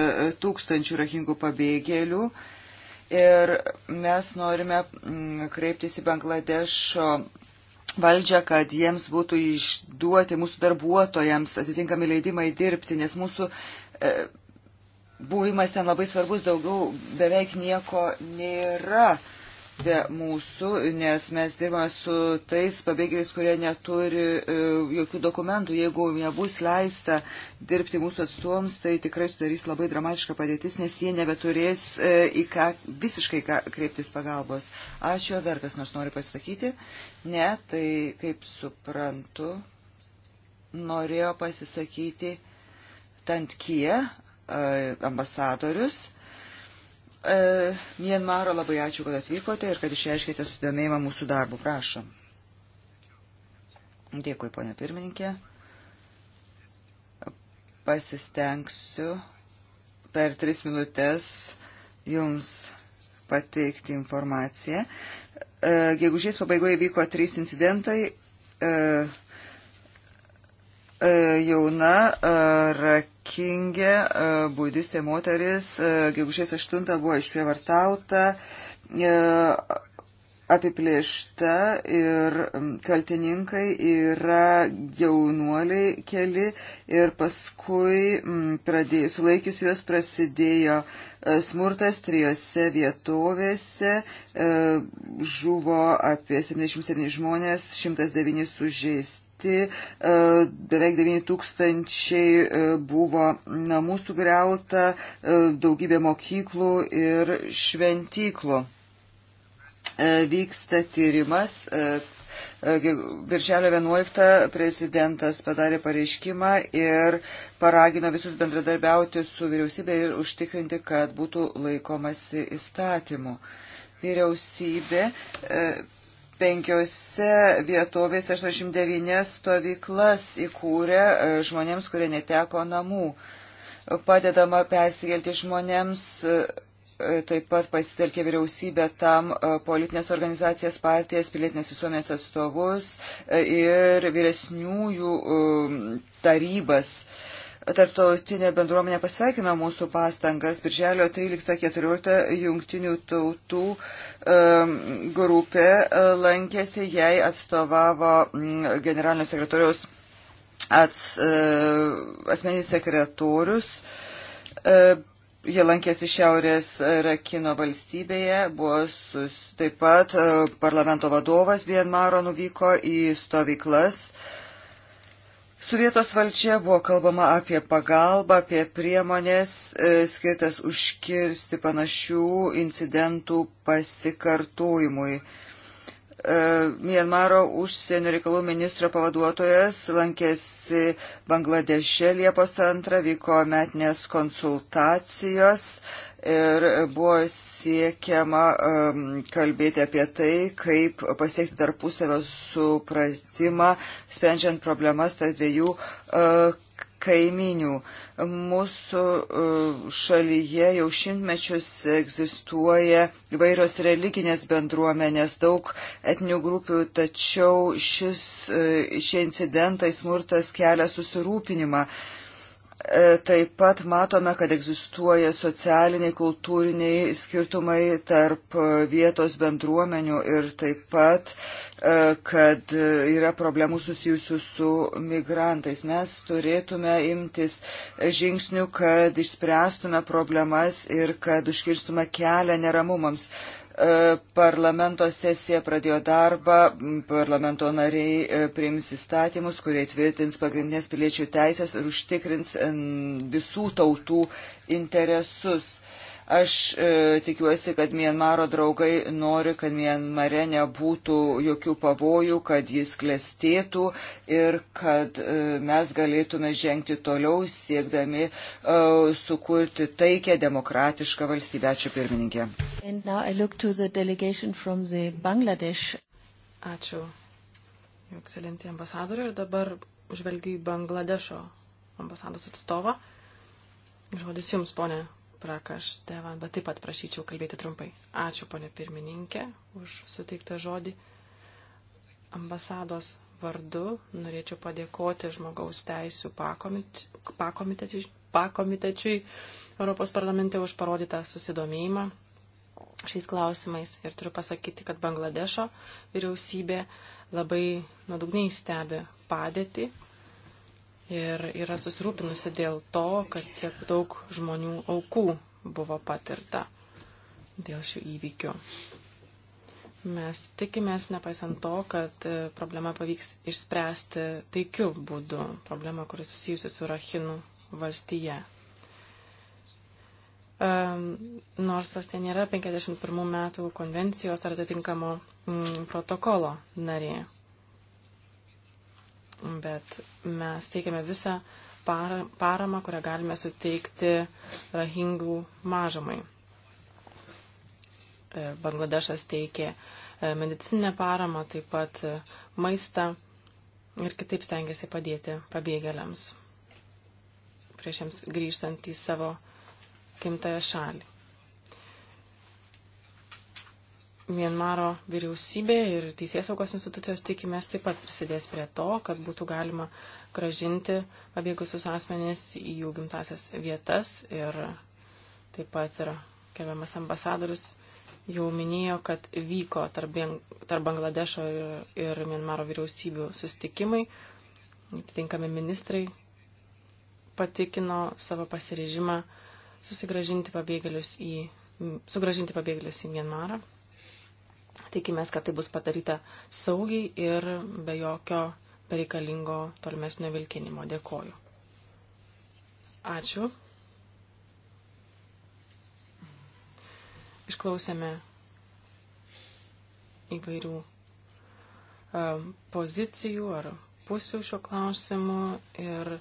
Speaker 2: tūkstančių rahingų pabėgėlių. Ir mes norime mm, kreiptis į Bangladešo valdžią, kad jiems būtų išduoti mūsų darbuotojams atitinkami leidimai dirbti, nes mūsų e, buvimas ten labai svarbus, daugiau beveik nieko nėra. E, be mūsų, nes mes dirbame su tais pabėgėliais, kurie neturi e, jokių dokumentų. Jeigu nebus leista dirbti mūsų atstovams, tai tikrai sudarys labai dramatišką padėtis, nes jie nebeturės e, į ką visiškai ką kreiptis pagalbos. Ačiū, dar kas nors nori pasakyti? Ne, tai kaip suprantu, norėjo pasisakyti Tantkie e, ambasadorius e, Mienmaro, labai ačiū, kad atvykote ir kad išreiškite sudomėjimą mūsų darbų. Prašom. Dėkui, ponia pirmininkė. Pasistengsiu per tris minutės jums pateikti informaciją. E, gegužės pabaigoje vyko trys incidentai. E, E, jauna e, rakingė e, budistė moteris, gegužės 8 buvo išprievartauta, apiplėšta ir kaltininkai yra jaunuoliai keli ir paskui pradėjo, sulaikius juos prasidėjo smurtas trijose vietovėse, žuvo apie 77 žmonės, 109 sužeisti sugriauti, e, beveik 9 tūkstančiai e, buvo namų sugriauta, e, daugybė mokyklų ir šventyklų. Vyksta tyrimas. Birželio 11 prezidentas padarė pareiškimą ir paragino visus bendradarbiauti su vyriausybė ir užtikrinti, kad būtų laikomasi įstatymų vyriausybė penkiose vietovėse 89 stovyklas įkūrė e, žmonėms, kurie neteko namų. Padedama persikelti žmonėms, e, e, taip pat pasitelkė vyriausybė tam politinės organizacijas, partijas, pilietinės visuomenės atstovus ir vyresniųjų tarybas. Tarptautinė bendruomenė pasveikino mūsų pastangas. Birželio 13-14 jungtinių tautų grupė e, lankėsi, jai atstovavo generalinio sekretoriaus ats, e, asmeninis sekretorius. E, jie lankėsi Šiaurės Rakino valstybėje, buvo sus, taip pat parlamento vadovas Vienmaro nuvyko į stovyklas. Uh, Su vietos valdžia buvo kalbama apie pagalbą, apie priemonės e, skirtas užkirsti panašių incidentų pasikartojimui. E, Mienmaro užsienio reikalų ministro pavaduotojas lankėsi Bangladeše Liepos 2, vyko metinės konsultacijos ir buvo siekiama um, kalbėti apie tai, kaip pasiekti tarpusavio supratimą, sprendžiant problemas tarp dviejų uh, kaiminių. Mūsų uh, šalyje jau šimtmečius egzistuoja vairios religinės bendruomenės, daug etnių grupių, tačiau šis, uh, šie incidentai smurtas kelia susirūpinimą. Uh, E, taip pat matome, kad egzistuoja socialiniai, kultūriniai skirtumai tarp e, vietos bendruomenių ir taip pat, e, kad yra problemų susijusių su migrantais. Mes turėtume imtis žingsnių, kad išspręstume problemas ir kad užkirstume kelią neramumams. E, parlamento sesija pradėjo darbą, parlamento nariai e, priims įstatymus, kurie tvirtins pagrindinės piliečių teisės ir užtikrins visų tautų interesus. Aš e, tikiuosi, kad Mienmaro draugai nori, kad Mienmare nebūtų jokių pavojų, kad jis klestėtų ir kad e, mes galėtume žengti toliau siekdami e, sukurti taikę demokratišką valstybę. Ačiū pirmininkė.
Speaker 1: Ačiū, Jų ekscelencija ambasadoriu ir dabar žvelgiu į Bangladešo ambasados atstovą. Žodis jums, ponė Prakaš Devan, bet taip pat prašyčiau kalbėti trumpai. Ačiū, ponė pirmininkė, už suteiktą žodį. Ambasados vardu norėčiau padėkoti žmogaus teisų pakomitečiui, pakomitečiui Europos parlamente už parodytą susidomėjimą šiais klausimais. Ir turiu pasakyti, kad Bangladešo vyriausybė labai nuodugniai stebi padėtį ir yra susirūpinusi dėl to, kad tiek daug žmonių aukų buvo patirta dėl šių įvykių. Mes tikimės, nepaisant to, kad e, problema pavyks išspręsti taikiu būdu, problema, kuris susijusi su Rahinų valstyje. Um, nors jos ten nėra 51 metų konvencijos ar atitinkamo mm, protokolo narė bet mes teikiame visą paramą, kurią galime suteikti rahingų mažumai. E, Bangladešas teikė e, medicinę paramą, taip pat e, maistą ir kitaip stengiasi padėti pabėgėliams prieš jiems grįžtant į savo gimtąją šalį. Mienmaro vyriausybė ir teisėsaugos institucijos tikimės taip pat prisidės prie to, kad būtų galima gražinti pabėgusius asmenys į jų gimtasias vietas ir taip pat ir keliamas ambasadorius jau minėjo, kad vyko tarp, tarp Bangladešo ir, ir Mienmaro vyriausybių sustikimai. Atitinkami ministrai patikino savo pasirežimą susigražinti pabėgėlius į, sugražinti pabėgėlius į Mienmarą. Tikimės, kad tai bus padaryta saugiai ir be jokio reikalingo tolimesnio vilkinimo. Dėkoju. Ačiū. Išklausėme įvairių e, pozicijų ar pusių šio klausimu ir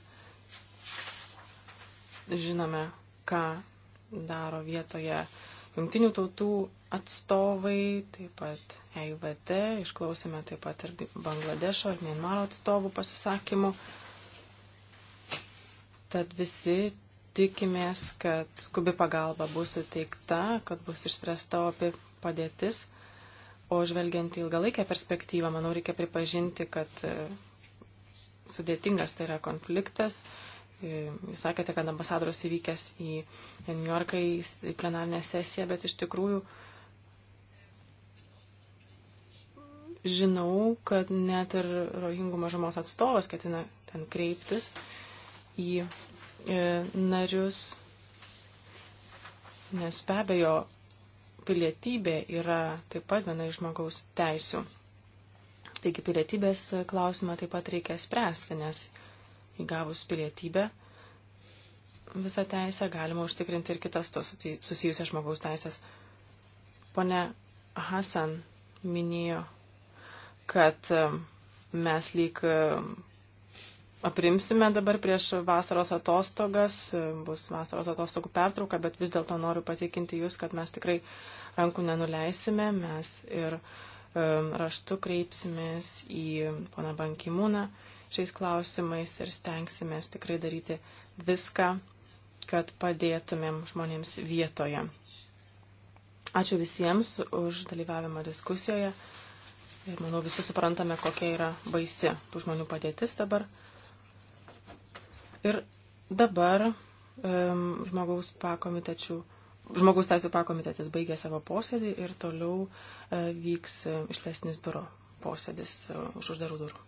Speaker 1: žinome, ką daro vietoje jungtinių tautų atstovai, taip pat EIVT, išklausėme taip pat ir Bangladešo ir Mienmaro atstovų pasisakymų. Tad visi tikimės, kad skubi pagalba bus suteikta, kad bus išspręsta opi padėtis. O žvelgiant į ilgalaikę perspektyvą, manau, reikia pripažinti, kad e, sudėtingas tai yra konfliktas, Jūs sakėte, kad ambasadorius įvykęs į New Yorką į plenarinę sesiją, bet iš tikrųjų žinau, kad net ir rohingų mažumos atstovas ketina ten kreiptis į e, narius, nes be abejo pilietybė yra taip pat viena iš žmogaus teisių. Taigi pilietybės klausimą taip pat reikia spręsti, nes įgavus pilietybę visą teisę galima užtikrinti ir kitas to susijusias žmogaus teisės. Pone Hasan minėjo, kad e, mes lyg e, aprimsime dabar prieš vasaros atostogas, e, bus vasaros atostogų pertrauka, bet vis dėlto noriu patikinti Jūs, kad mes tikrai rankų nenuleisime, mes ir raštu kreipsimės į poną Bankimūną šiais klausimais ir stengsimės tikrai daryti viską, kad padėtumėm žmonėms vietoje. Ačiū visiems už dalyvavimą diskusijoje. Ir manau, visi suprantame, kokia yra baisi tų žmonių padėtis dabar. Ir dabar um, žmogaus pakomitečių žmogaus teisų pakomitetis baigė savo posėdį
Speaker 2: ir toliau e, vyks e, išplėsnis biuro posėdis e, už uždarų durų.